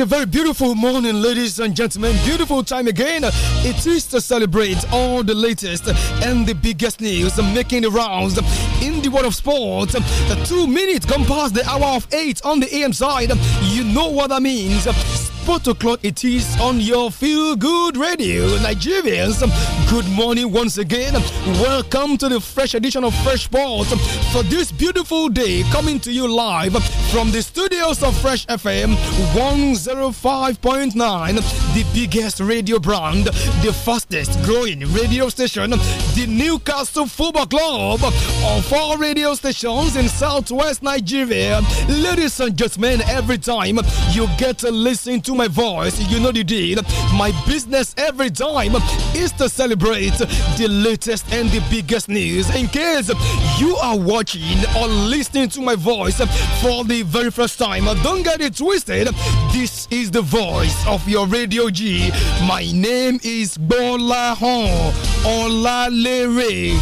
It's a very beautiful morning, ladies and gentlemen. Beautiful time again. It is to celebrate all the latest and the biggest news making the rounds in the world of sports. Two minutes come past the hour of eight on the AM side. You know what that means. What it is on your Feel Good Radio, Nigerians. Good morning once again. Welcome to the fresh edition of Fresh Sports for this beautiful day, coming to you live from the studios of Fresh FM 105.9, the biggest radio brand, the fastest growing radio station, the Newcastle Football Club of all radio stations in Southwest Nigeria. Ladies and gentlemen, every time you get to listen to my voice, you know the deal. My business every time is to celebrate the latest and the biggest news. In case you are watching or listening to my voice for the very first time, don't get it twisted. This is the voice of your Radio G. My name is Bola Hon Olalere.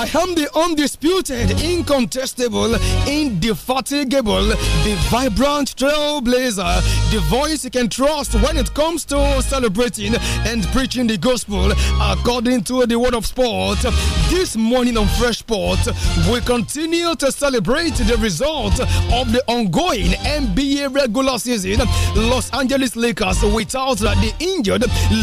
I am the undisputed, incontestable, indefatigable, the vibrant trailblazer, the voice you can trust when it comes to celebrating and preaching the gospel according to the word of sport. This morning on Fresh Sport, we continue to celebrate the result of the ongoing NBA regular season. Los Angeles Lakers without the injured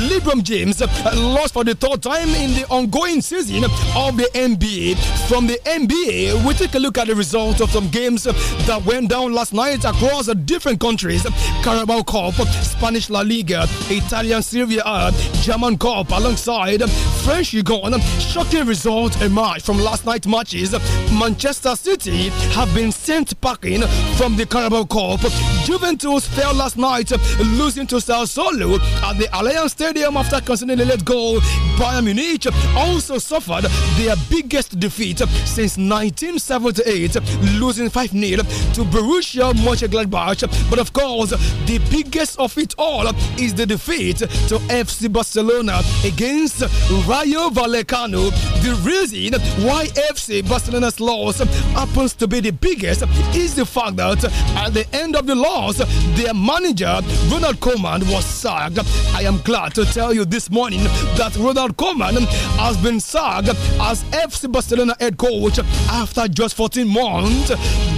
LeBron James lost for the third time in the ongoing season of the NBA. NBA. From the NBA, we take a look at the results of some games that went down last night across different countries. Carabao Cup, Spanish La Liga, Italian Serie A, German Cup, alongside French Ligon. Shocking results emerged from last night's matches. Manchester City have been sent packing from the Carabao Cup. Juventus fell last night, losing to Sao Solo at the Allianz Stadium after conceding a late goal. Bayern Munich also suffered their biggest biggest defeat uh, since 1978, losing 5 0 to Borussia Mönchengladbach. But of course, the biggest of it all is the defeat to FC Barcelona against Rayo Vallecano. The reason why FC Barcelona's loss happens to be the biggest is the fact that at the end of the loss, their manager Ronald Koeman was sacked. I am glad to tell you this morning that Ronald Koeman has been sacked as FC Barcelona head coach after just 14 months.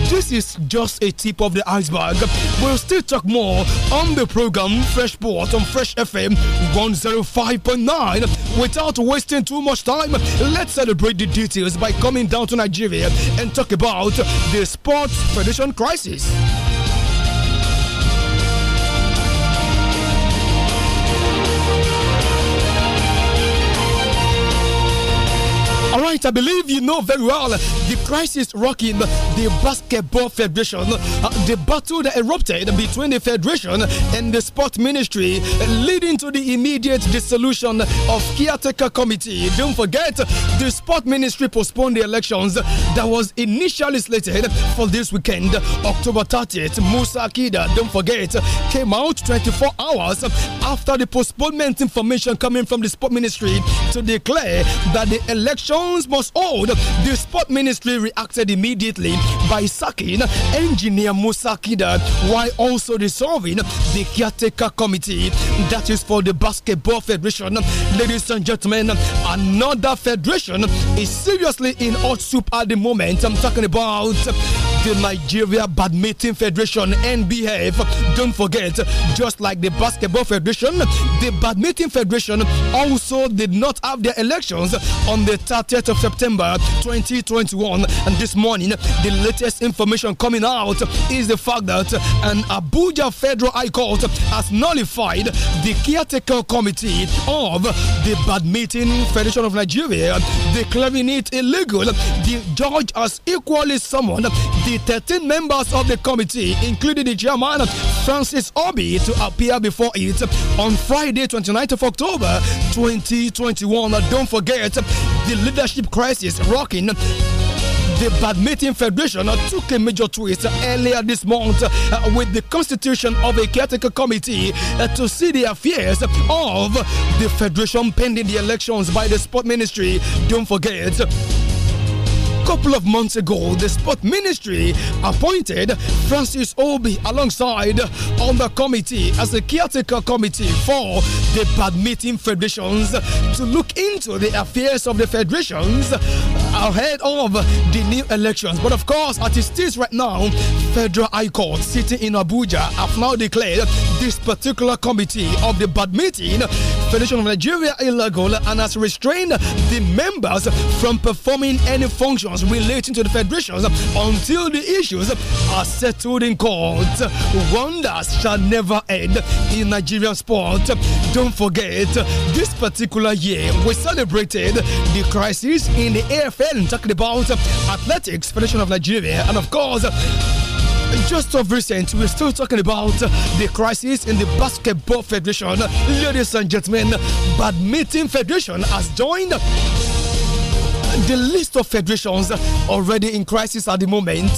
This is just a tip of the iceberg. We'll still talk more on the program Fresh Sport on Fresh FM 105.9. Without wasting too much time, let's celebrate the details by coming down to Nigeria and talk about the Sports Federation crisis. right, I believe you know very well the crisis rocking the Basketball Federation. Uh, the battle that erupted between the Federation and the Sport Ministry, leading to the immediate dissolution of caretaker committee. Don't forget, the Sport Ministry postponed the elections that was initially slated for this weekend, October 30th. Musa Akida, don't forget, came out 24 hours after the postponement information coming from the Sport Ministry to declare that the elections Nations Must Hold, the sport ministry reacted immediately by sacking engineer Musa Kida while also dissolving the caretaker committee. That is for the Basketball Federation. Ladies and gentlemen, another federation is seriously in hot soup at the moment. I'm talking about the Nigeria Badminton Federation NBF. Don't forget, just like the Basketball Federation, the Badminton Federation also did not have their elections on the 30th of September 2021. And this morning, the latest information coming out is the fact that an Abuja Federal High Court has nullified the caretaker committee of the Badminton Federation of Nigeria, declaring it illegal. The judge has equally summoned the 13 members of the committee, including the chairman Francis Obi, to appear before it on Friday, 29th of October 2021. Don't forget the leadership crisis rocking the Badminton Federation took a major twist earlier this month uh, with the constitution of a caretaker committee uh, to see the affairs of the federation pending the elections by the sport ministry. Don't forget couple of months ago, the Sport Ministry appointed Francis Obi alongside on the committee as a caretaker committee for the badminton federations to look into the affairs of the federations ahead of the new elections. But of course, at its stage right now, Federal High Court sitting in Abuja have now declared this particular committee of the badminton Federation of Nigeria in Lagola and has restrained the members from performing any functions relating to the federations until the issues are settled in court. Wonders shall never end in Nigerian sport. Don't forget, this particular year we celebrated the crisis in the AFL, talking about Athletics Federation of Nigeria, and of course, just of recent, we're still talking about uh, the crisis in the Basketball Federation. Ladies and gentlemen, Badminton Federation has joined the list of federations already in crisis at the moment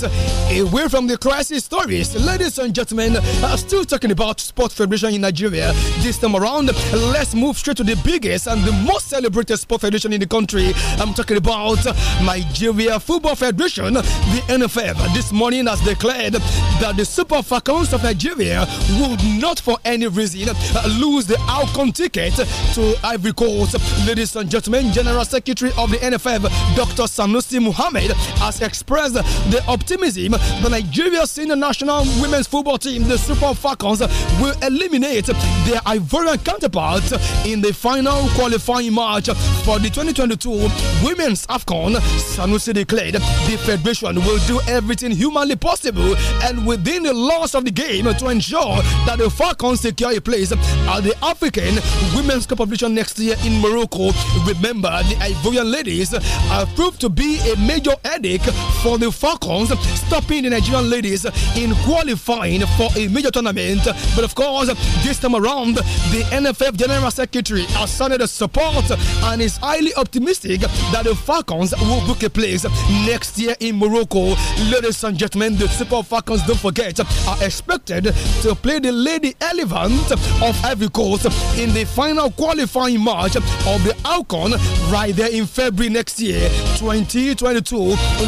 Away from the crisis stories, ladies and gentlemen, uh, still talking about Sports Federation in Nigeria. This time around, let's move straight to the biggest and the most celebrated sports federation in the country. I'm talking about Nigeria Football Federation, the NFF. This morning has declared that the Super Falcons of Nigeria would not, for any reason, uh, lose the outcome ticket to Ivory Coast. Ladies and gentlemen, General Secretary of the NFF, Dr. Sanusi Muhammad, has expressed the optimism the Nigeria senior national women's football team, the Super Falcons, will eliminate their Ivorian counterpart in the final qualifying match for the 2022 Women's AFCON. Sanusi declared the Federation will do everything humanly possible and within the laws of the game to ensure that the Falcons secure a place at the African Women's Cup of Nations next year in Morocco. Remember, the Ivorian ladies have proved to be a major headache for the Falcons, stopping helping the Nigerian ladies in qualifying for a major tournament. But of course, this time around, the NFF General Secretary has sounded support and is highly optimistic that the Falcons will book a place next year in Morocco. Ladies and gentlemen, the Super Falcons, don't forget, are expected to play the Lady Elephant of every course in the final qualifying match of the Alcon right there in February next year, 2022.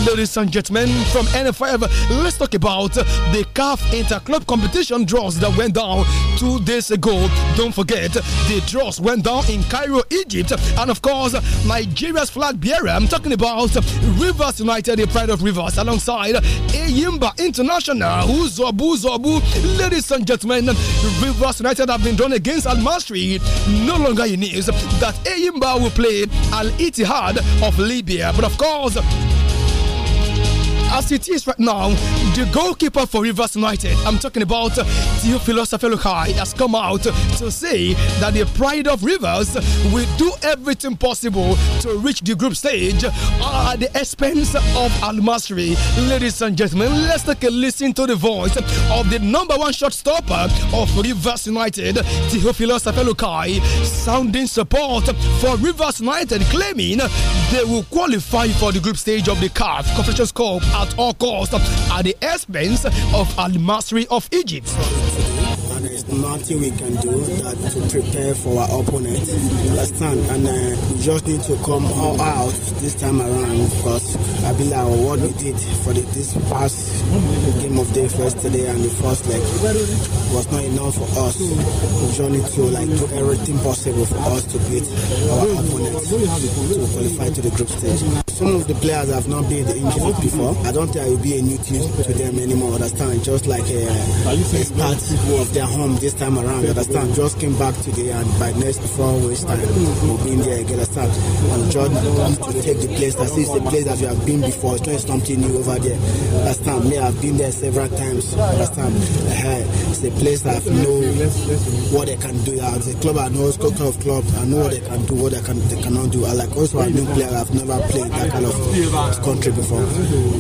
Ladies and gentlemen, from NFF Let's talk about the CAF Interclub competition draws that went down two days ago. Don't forget, the draws went down in Cairo, Egypt, and of course, Nigeria's flag bearer. I'm talking about Rivers United, the pride of Rivers, alongside Eyimba International, Uzobu Zobu. Ladies and gentlemen, Rivers United have been drawn against Al Masri. No longer in news that Eyimba will play Al Ittihad of Libya. But of course, as it is right now, the goalkeeper for Rivers United, I'm talking about Theophilus Afelukai, has come out to say that the pride of Rivers will do everything possible to reach the group stage at the expense of Al Masri. Ladies and gentlemen, let's take a listen to the voice of the number one shot stopper of Rivers United, Theophilus Afelukai, sounding support for Rivers United, claiming they will qualify for the group stage of the CAF Confederations Cup at all costs at the expense of Al Masri of Egypt. There is nothing we can do to prepare for our opponent. You understand? And uh, we just need to come all out this time around because I believe like, what we did for the, this past game of day yesterday and the first leg was not enough for us. We just need to like do everything possible for us to beat our opponent to qualify to the group stage. Some of the players have not been the injuries before. I don't think it will be a new team to them anymore. Understand? Just like uh, a, part of their home this time around. Understand? Just came back today, and by next four weeks time, we'll be in there again. Understand? And Jordan to take the place. That is the place that you have been before. It's not something new over there. Understand? Me, I've been there several times. Understand? It's a place that I know what they can do. As a club, I know It's kind of club. I know what they can do, what they can they cannot do. I like also a new player I've never played that kind of country before.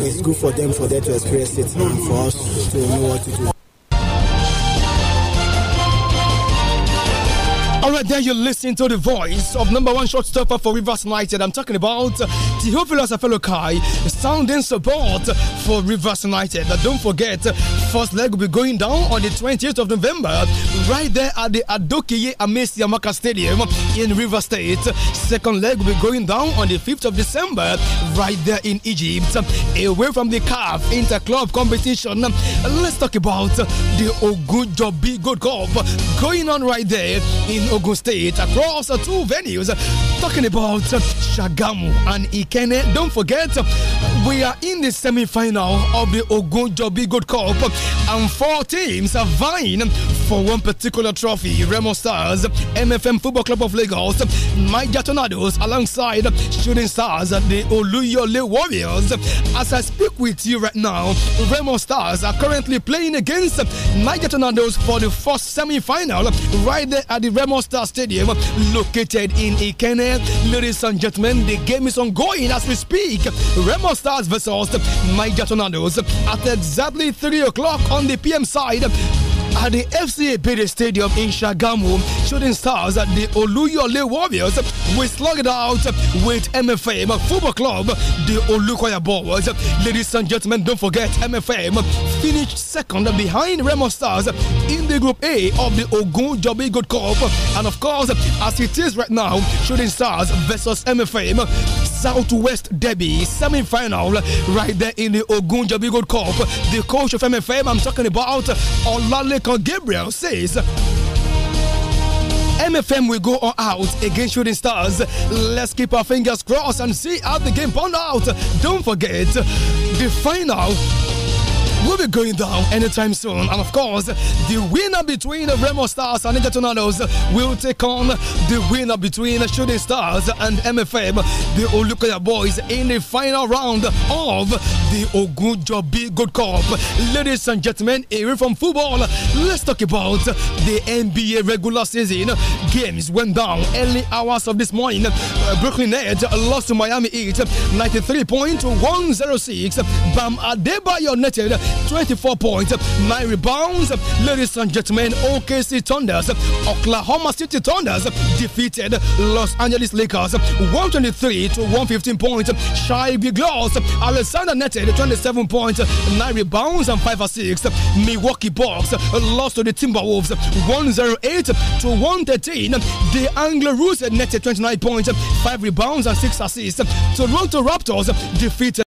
It's good for them for them to experience it and for us to know what to do. All right, there you listen to the voice of number one shortstopper for Rivers United. I'm talking about Theophilus Afelokai sounding support for Rivers United. Now, don't forget, first leg will be going down on the 20th of November, right there at the Adokiye Amesi Amaka Stadium in River State. Second leg will be going down on the 5th of December, right there in Egypt, away from the CAF Club competition. Let's talk about the B Gold Cup going on right there in Ogun State across two venues. Talking about Shagamu and Ikene. Don't forget, we are in the semi final of the Ogunjobi good Cup, and four teams are vying for one particular trophy. Remo Stars, MFM Football Club of Lagos, Niger Tornadoes, alongside Shooting Stars, the Oluyole Warriors. As I speak with you right now, Remo Stars are currently playing against Niger Tornadoes for the first semi final right there at the Remo Star Stadium, located in Ikene. Ladies and gentlemen, the game is ongoing as we speak. Remo Stars versus Niger Tornadoes at exactly 3 o'clock on the PM side at the FCA Bede Stadium in Shagamu shooting stars, at the Oluyole Warriors, We slug it out with MFM Football Club, the Olukoya Boys. Ladies and gentlemen, don't forget MFM finished second behind Remo Stars in the Group A of the Ogun Jobi Good Cup. And of course, as it is right now, shooting stars versus MFM. Southwest Derby semi-final right there in the Ogun Good Cup. The coach of MFM I'm talking about, Olalekan Gabriel, says MFM will go all out against Shooting Stars. Let's keep our fingers crossed and see how the game panned out. Don't forget the final will be going down anytime soon. And of course, the winner between Remo Stars and Ninja Tornadoes will take on the winner between Shooting Stars and MFM, the Olukoya Boys, in the final round of the Big Good Cup. Ladies and gentlemen, away from football, let's talk about the NBA regular season. Games went down early hours of this morning. Uh, Brooklyn Nets lost to Miami Heat 93.106. Bam Adebayo netted 24 points, 9 rebounds. Ladies and gentlemen, OKC Thunders, Oklahoma City Thunders defeated Los Angeles Lakers 123 to 115 points. Shy Big Gloss, Alexander netted 27 points, 9 rebounds, and 5 assists. Milwaukee Bucks lost to the Timberwolves 108 to 113. The Anglo Roos netted 29 points, 5 rebounds, and 6 assists. Toronto Raptors defeated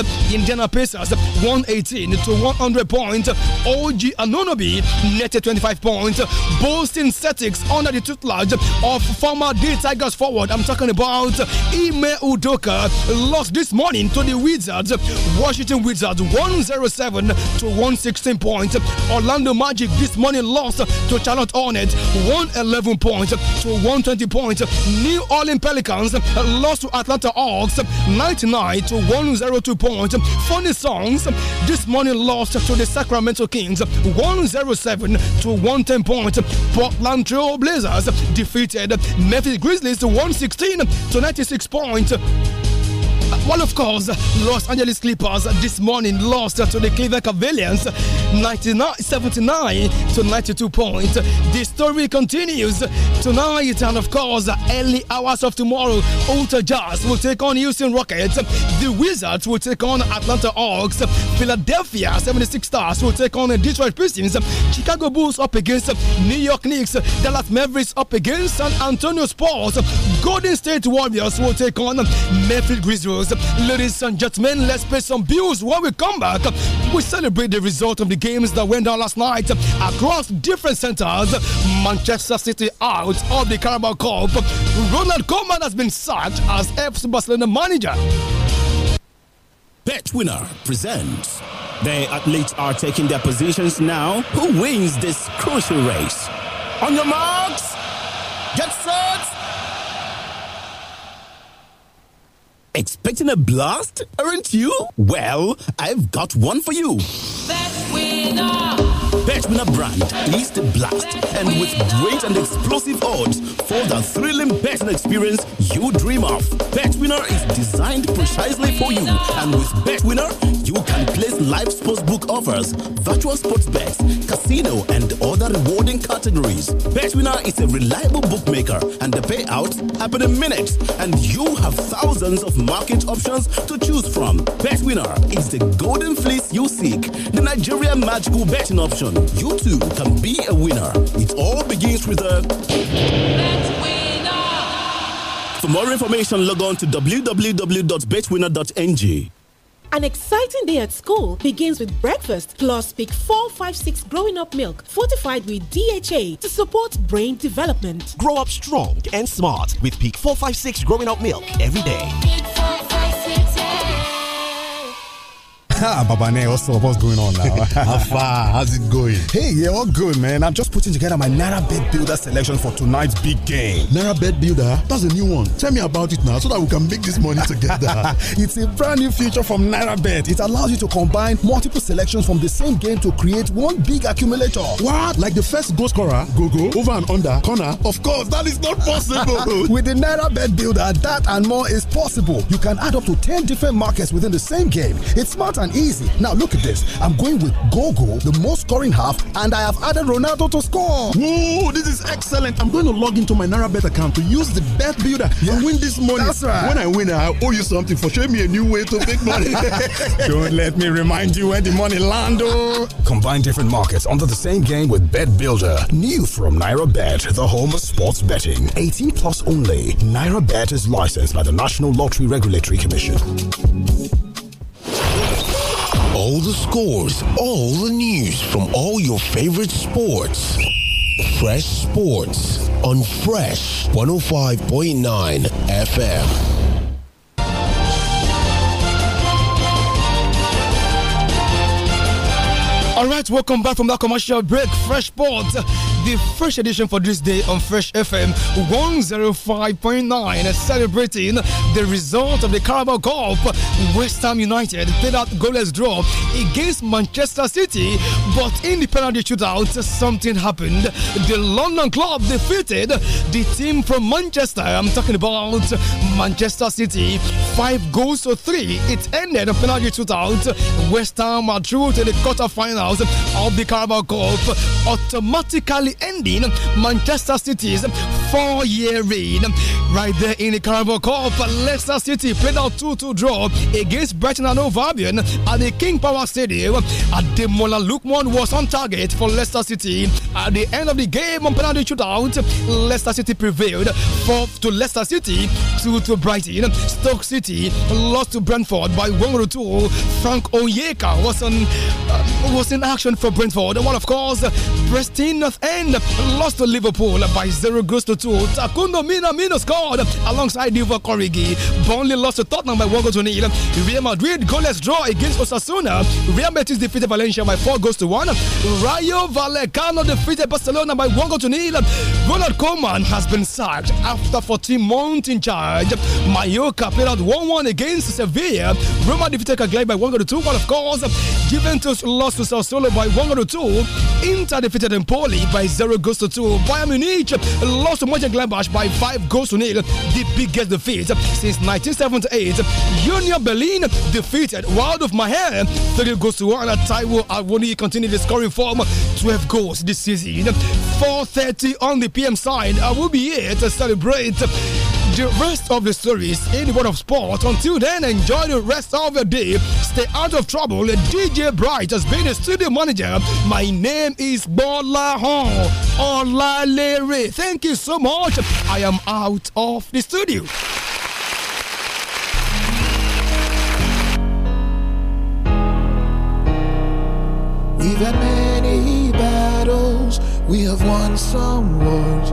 Pacers 118 to 100 points. OG Anonobi netted 25 points. Boston Celtics under the tutelage of former D Tigers forward. I'm talking about Ime Udoka. Lost this morning to the Wizards. Washington Wizards 107 to 116 points. Orlando Magic this morning lost to Charlotte Hornets 111 points to 120 points. New Orleans Pelicans lost to Atlanta Hawks 99 to 102 point. Funny songs this morning lost to the Sacramento Kings 107 to 110 points. Portland Trail Blazers defeated Memphis Grizzlies 116 to 96 points. Well, of course, Los Angeles Clippers this morning lost to the Cleveland Cavaliers 79 to 92 points. The story continues tonight, and of course, early hours of tomorrow, Utah Jazz will take on Houston Rockets. The Wizards will take on Atlanta Hawks. Philadelphia 76 Stars will take on Detroit Pistons. Chicago Bulls up against New York Knicks. Dallas Mavericks up against San Antonio Spurs. Golden State Warriors will take on Memphis Grizzlies. Ladies and gentlemen, let's pay some bills. When we come back, we celebrate the result of the games that went down last night across different centres. Manchester City out of the Carabao Cup. Ronald Koeman has been sacked as FC Barcelona manager. Bet Winner presents. The athletes are taking their positions now. Who wins this crucial race? On your marks, get set. Expecting a blast, aren't you? Well, I've got one for you. winner. Bechmina brand, East Blast, and with great and explosive odds for the thrilling betting experience you dream of. Betwinner is designed precisely for you, and with Betwinner, you can place live sports book offers, virtual sports bets, casino, and other rewarding categories. Betwinner is a reliable bookmaker, and the payouts happen in minutes, and you have thousands of market options to choose from. Betwinner is the golden fleece you seek, the Nigeria magical betting option you too can be a winner. It all begins with a. Let's For more information, log on to www.betwinner.ng. An exciting day at school begins with breakfast plus Peak 456 growing up milk fortified with DHA to support brain development. Grow up strong and smart with Peak 456 growing up milk every day. Baba Ne, what's up? What's going on now? How <laughs> far? How's it going? Hey, yeah, all good, man. I'm just putting together my Naira Bed Builder selection for tonight's big game. Naira Bed Builder? That's a new one. Tell me about it now so that we can make this money together. <laughs> it's a brand new feature from Naira Bet. It allows you to combine multiple selections from the same game to create one big accumulator. What? Like the first goal scorer, go go, over and under, corner? Of course, that is not possible. <laughs> With the Naira Bet Builder, that and more is possible. You can add up to 10 different markets within the same game. It's smart and easy. Now look at this. I'm going with Gogo, the most scoring half, and I have added Ronaldo to score. Whoa, this is excellent. I'm going to log into my NaraBet account to use the bet builder yeah. win this money. That's right. When I win, I owe you something for showing me a new way to make money. <laughs> Don't let me remind you where the money lando. Oh. Combine different markets under the same game with Bet Builder. New from NaraBet, the home of sports betting. 18 plus only. NaraBet is licensed by the National Lottery Regulatory Commission. All the scores, all the news from all your favorite sports. Fresh Sports on Fresh 105.9 FM. All right, welcome back from that commercial break. Fresh Sports the fresh edition for this day on Fresh FM 105.9, celebrating the result of the Carabao Cup. West Ham United played out goalless draw against Manchester City, but in the penalty shootout, something happened. The London club defeated the team from Manchester. I'm talking about Manchester City, five goals to three. It ended a penalty shootout. West Ham are through to the quarterfinals of the Carabao Cup, automatically ending Manchester City's four year reign right there in the Carabao Cup. Leicester City played out 2 2 draw against Brighton and Hove Albion at the King Power Stadium. Ademola Lukman was on target for Leicester City. At the end of the game on penalty shootout, Leicester City prevailed 4 to Leicester City, 2 to Brighton. Stoke City lost to Brentford by 1 to 2. Frank Onyeka was on uh, was in action for Brentford. And one of course, Preston North End lost to Liverpool by 0 goals to to Takundo Mina Mina scored alongside Diva Corrigi. Burnley lost to Tottenham by 1 goal to nil. Real Madrid goalless draw against Osasuna. Real Betis defeated Valencia by 4 goals to 1. Rayo Vallecano defeated Barcelona by 1 goal to nil. Ronald Koeman has been sacked after 14 months in charge. Mallorca played out 1 1 against Sevilla. Roma defeated Cagliari by 1 goal to 2. But of course, Juventus lost to Sassuolo by 1 goal to 2. Inter defeated Empoli by 0 goals to 2. Bayern Munich lost to Mönchengladbach by 5 goals to nil, the biggest defeat since 1978. Union Berlin defeated Wild of Mahan 30 goals to 1. Taiwo Awoni continued the scoring form 12 goals this season. 4.30 on the PM side. I will be here to celebrate the rest of the stories in the world of sport. Until then, enjoy the rest of your day. Stay out of trouble. DJ Bright has been a studio manager. My name is Bola Hon Larry. Thank you so much. I am out of the studio. We've had many battles, we have won some wars.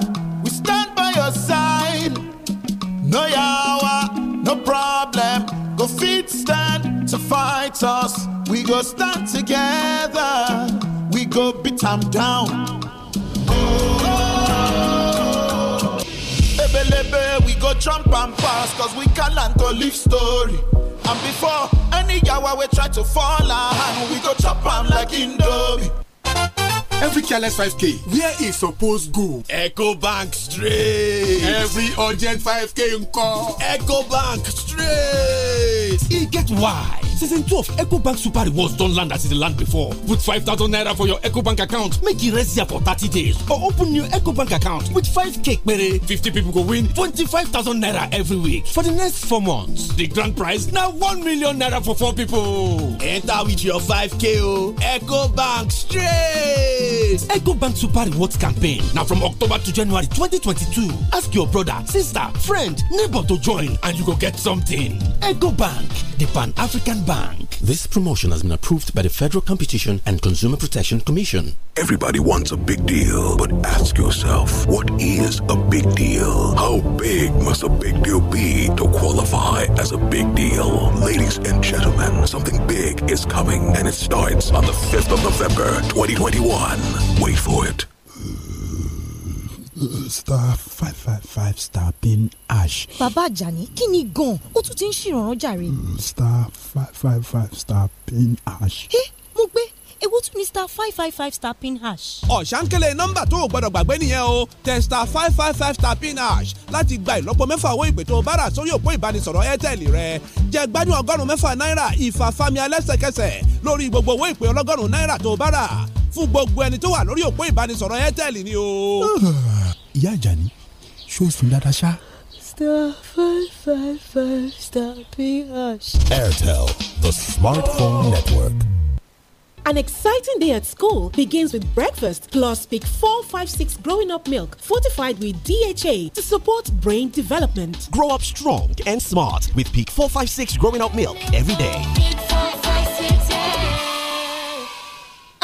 fight us, we go stand together, we go beat them down. Oh, oh Ebelebe, we go jump and pass, cause we can't land to live story. And before any yawa we try to fall our hand we go chop them like Indomie. Every careless 5k where e suppose go. Echo bank straight. Every urgent 5k call, echo bank straight. He get why season twelve ecobank super rewards don land as e dey land before put five thousand naira for your ecobank account make e rest there for thirty days or open new ecobank account with five k pere fifty people go win twenty-five thousand naira every week for the next four months the grand prize na one million naira for four people. enter with your five k o ecobank straight. ecobank super rewards campaign na from october to january twenty twenty-two ask your brother sister friend neighbor to join and you go get something ecobank the pan-african bank. Bank. This promotion has been approved by the Federal Competition and Consumer Protection Commission. Everybody wants a big deal, but ask yourself, what is a big deal? How big must a big deal be to qualify as a big deal? Ladies and gentlemen, something big is coming and it starts on the 5th of November, 2021. Wait for it. star five five five star pin hash. bàbá àjàní kí ni gan-an ó tún ti ń ṣèrànràn jàre. Mm, star five five five star pin hash. ẹ mo gbé èwo tún ni star five five five star pin hash. ọ̀sánkélé nọ́mbà tó o gbọ́dọ̀ gbàgbé nìyẹn o tẹ star five five five star pin hash láti gba ìlọ́po mẹ́fà owó ìpè tó o bá rà sórí òpó ìbánisọ̀rọ̀ airtel rẹ jẹ gbádùn ọgọ́rùn-ún mẹ́fà náírà ìfàfàmì alẹ́sẹ̀kẹsẹ̀ lórí gbogbo owó ìpè ọlọ́gọ́rùn-ún náírà tó o bá rà fún gbogbo ẹni tó wà lórí òpó ìbánisọ̀rọ̀ airtel ni o. <sighs> ìyá àjàní ṣó sùn dáadáa ṣá. star five five five star ph. airtel the smartphone network. An exciting day at school begins with breakfast plus Peak 456 growing up milk fortified with DHA to support brain development. Grow up strong and smart with Peak 456 growing up milk every day.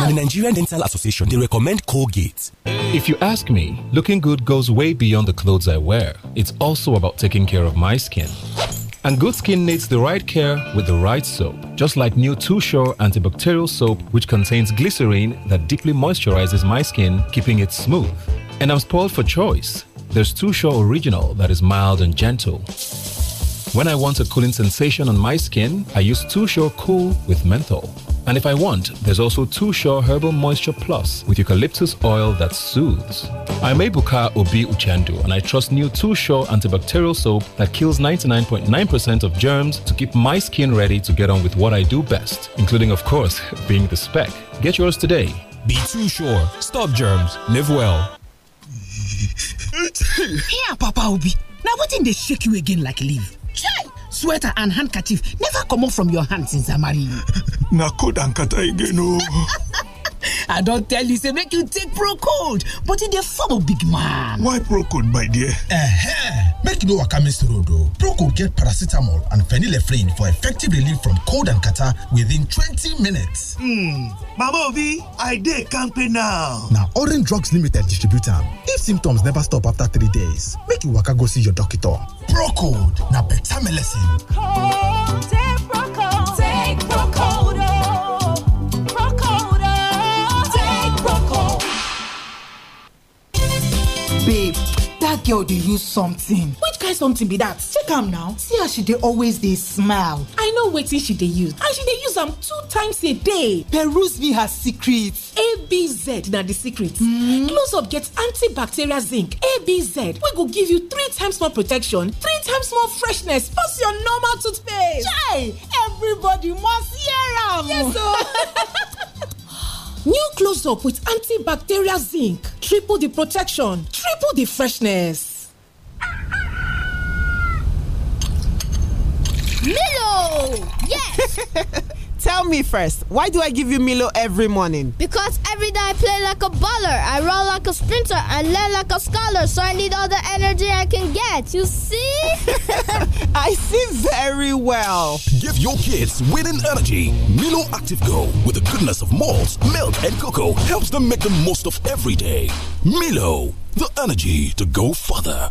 now, the Nigerian Dental Association, they recommend Colgate. If you ask me, looking good goes way beyond the clothes I wear. It's also about taking care of my skin. And good skin needs the right care with the right soap. Just like new Too Sure antibacterial soap, which contains glycerine that deeply moisturizes my skin, keeping it smooth. And I'm spoiled for choice. There's Too Sure Original that is mild and gentle. When I want a cooling sensation on my skin, I use Too Sure Cool with menthol. And if I want, there's also Too Sure Herbal Moisture Plus with eucalyptus oil that soothes. I'm Ebuka Obi Uchendu, and I trust new Too Sure antibacterial soap that kills 99.9% of germs to keep my skin ready to get on with what I do best, including, of course, <laughs> being the spec. Get yours today. Be Too Sure. Stop germs. Live well. Here, Papa Obi. Now, what in they shake you again like leave? Chai! Sweater and handkerchief never come off from your hands since I married you na cold and kata again o. i don't tell you say make you take procold but in the form of big man why procold my dear? eh make you no waka miss road o procold get paracetamol and phenylephrine for effective relief from cold and catar within 20 minutes hmm mama i dey kampe now Now, orange drugs limited Distributor. if symptoms never stop after three days make you waka go see your doctor procold na beta melecine dat girl dey use something which kain something be that? check am now see as she dey always dey smile i know wetin she dey use and she dey use am two times a day peruse me her secret abz na the secret hmm. close up get antibacterial zinc abz wey go give you three times more protection three times more freshness pass your normal toothpaste. chai everybody must hear am. yes o. Oh. <laughs> New close up with antibacterial zinc. Triple the protection, triple the freshness. Milo! Yes! <laughs> tell me first, why do I give you Milo every morning? Because every day I play like a baller, I run like a sprinter, and learn like a scholar, so I need all the energy I can get. You see? <laughs> I see very well. Give your kids winning energy. Milo Active Go, with the goodness of malt, milk, and cocoa, helps them make the most of every day. Milo, the energy to go further.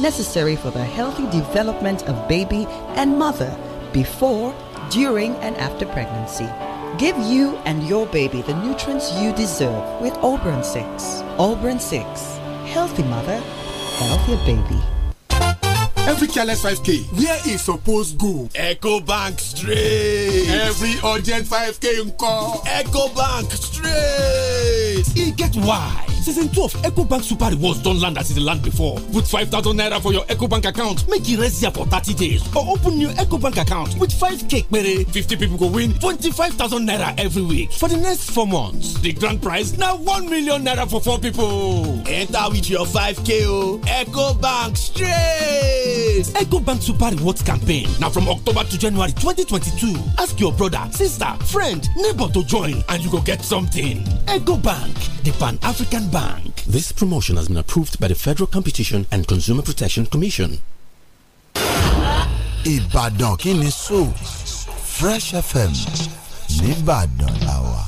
necessary for the healthy development of baby and mother before, during, and after pregnancy. Give you and your baby the nutrients you deserve with Auburn 6. Auburn 6. Healthy mother, healthier baby. every careless 5k is supposed to go Bank straight every urgent 5k call, Echo Bank straight e get why season twelve ecobank super rewards don land as it e land before put five thousand naira for your ecobank account make e rest here for thirty days or open new ecobank account with five k pere fifty people go win twenty-five thousand naira every week for the next four months the grand prize now one million naira for four people. enter with your five k o ecobank straight. ecobank super rewards campaign now from october to january 2022. ask your brother sister friend neighbor to join and you go get something ecobank the pan-african bank. Bank. This promotion has been approved by the Federal Competition and Consumer Protection Commission. Ibadan Kini Fresh FM, Nibadan Lawa.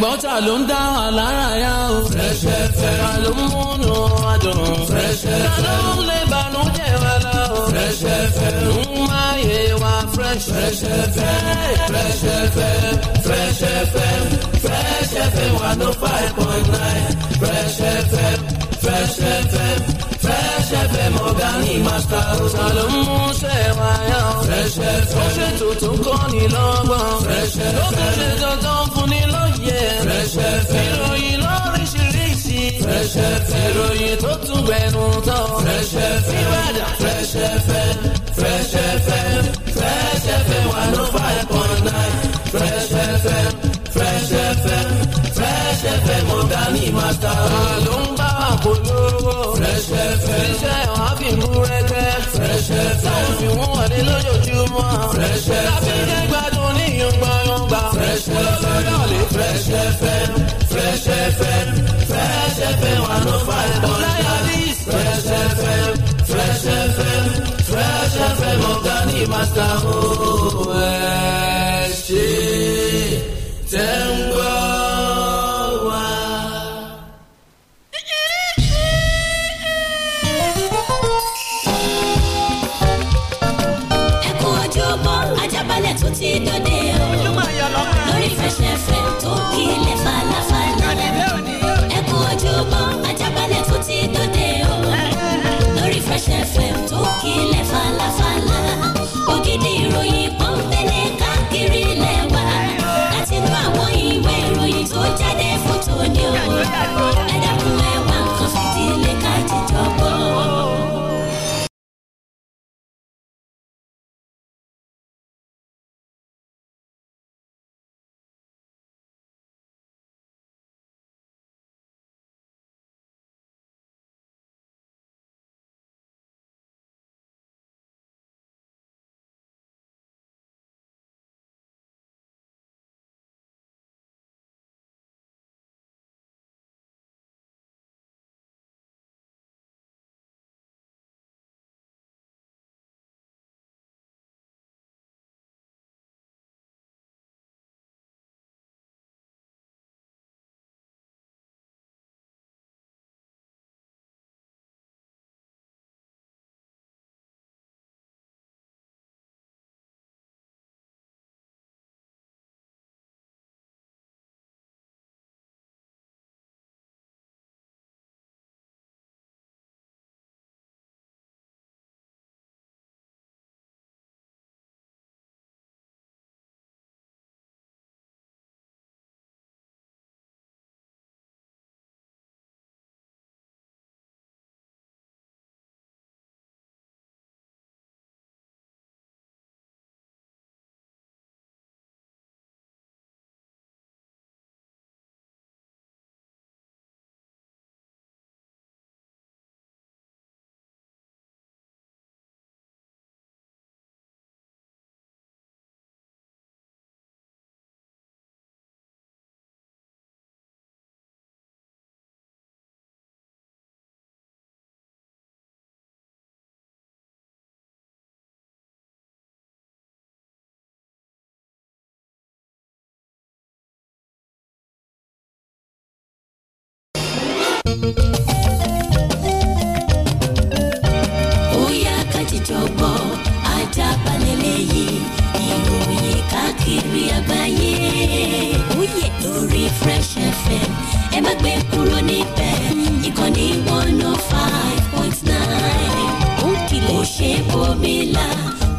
ẹ̀gbọ́n ta ló ń dá wà lára yá o. Fresh FM ta ló ń múnú wa dùn. Fresh FM ta ló ń lé ìbànújẹ́ wa lọ. Fresh FM ń máa yé wa Fresh FM Fresh FM Fresh FM Fresh FM one oh five point nine Fresh FM Fresh FM. Fresh FM ọ̀gá ní màsítà ọ̀tà ló ń mú ṣẹ̀ wáyà ọ̀. Fresh FM ó ṣe tuntun kọ́ ni lọ́gbọ̀n. Fresh FM ó tún ṣe tuntun fún ni lóye. Fresh FM ìròyìn lóríṣiríṣi. Fresh FM ìròyìn tó tún gbẹnu tán. Fresh FM Ìbàdàn Fresh FM Fresh FM Fresh FM one oh five point nine Fresh FM Fresh FM Fresh FM ọ̀gá ní màsítà ọ̀tà ló ń polówó. Fresh FM. iṣẹ́ ọ̀hán Fresh FM. táwọn fi wọ́n wọlé lójoojúmọ́. Fresh FM. láti jẹ́ gbádùn ní yọ̀ngbọ̀nyọ̀ngbà. Fresh FM. olóyọ̀lé Fresh FM. Fresh FM. Fresh FM wà ló fà ẹ̀ bọ̀. ọ̀làyàlí Fresh FM. Fresh FM. Fresh ní màsà ó ẹ̀ ṣe tẹ́ ń gbọ́. ó yá ká jíjọ gbọ́ Ajaabale lẹ́yìn ìròyìn káàkiri àgbáyé lórí Fresh FM ẹ má gbé kúrò five point nine ó kìlẹ̀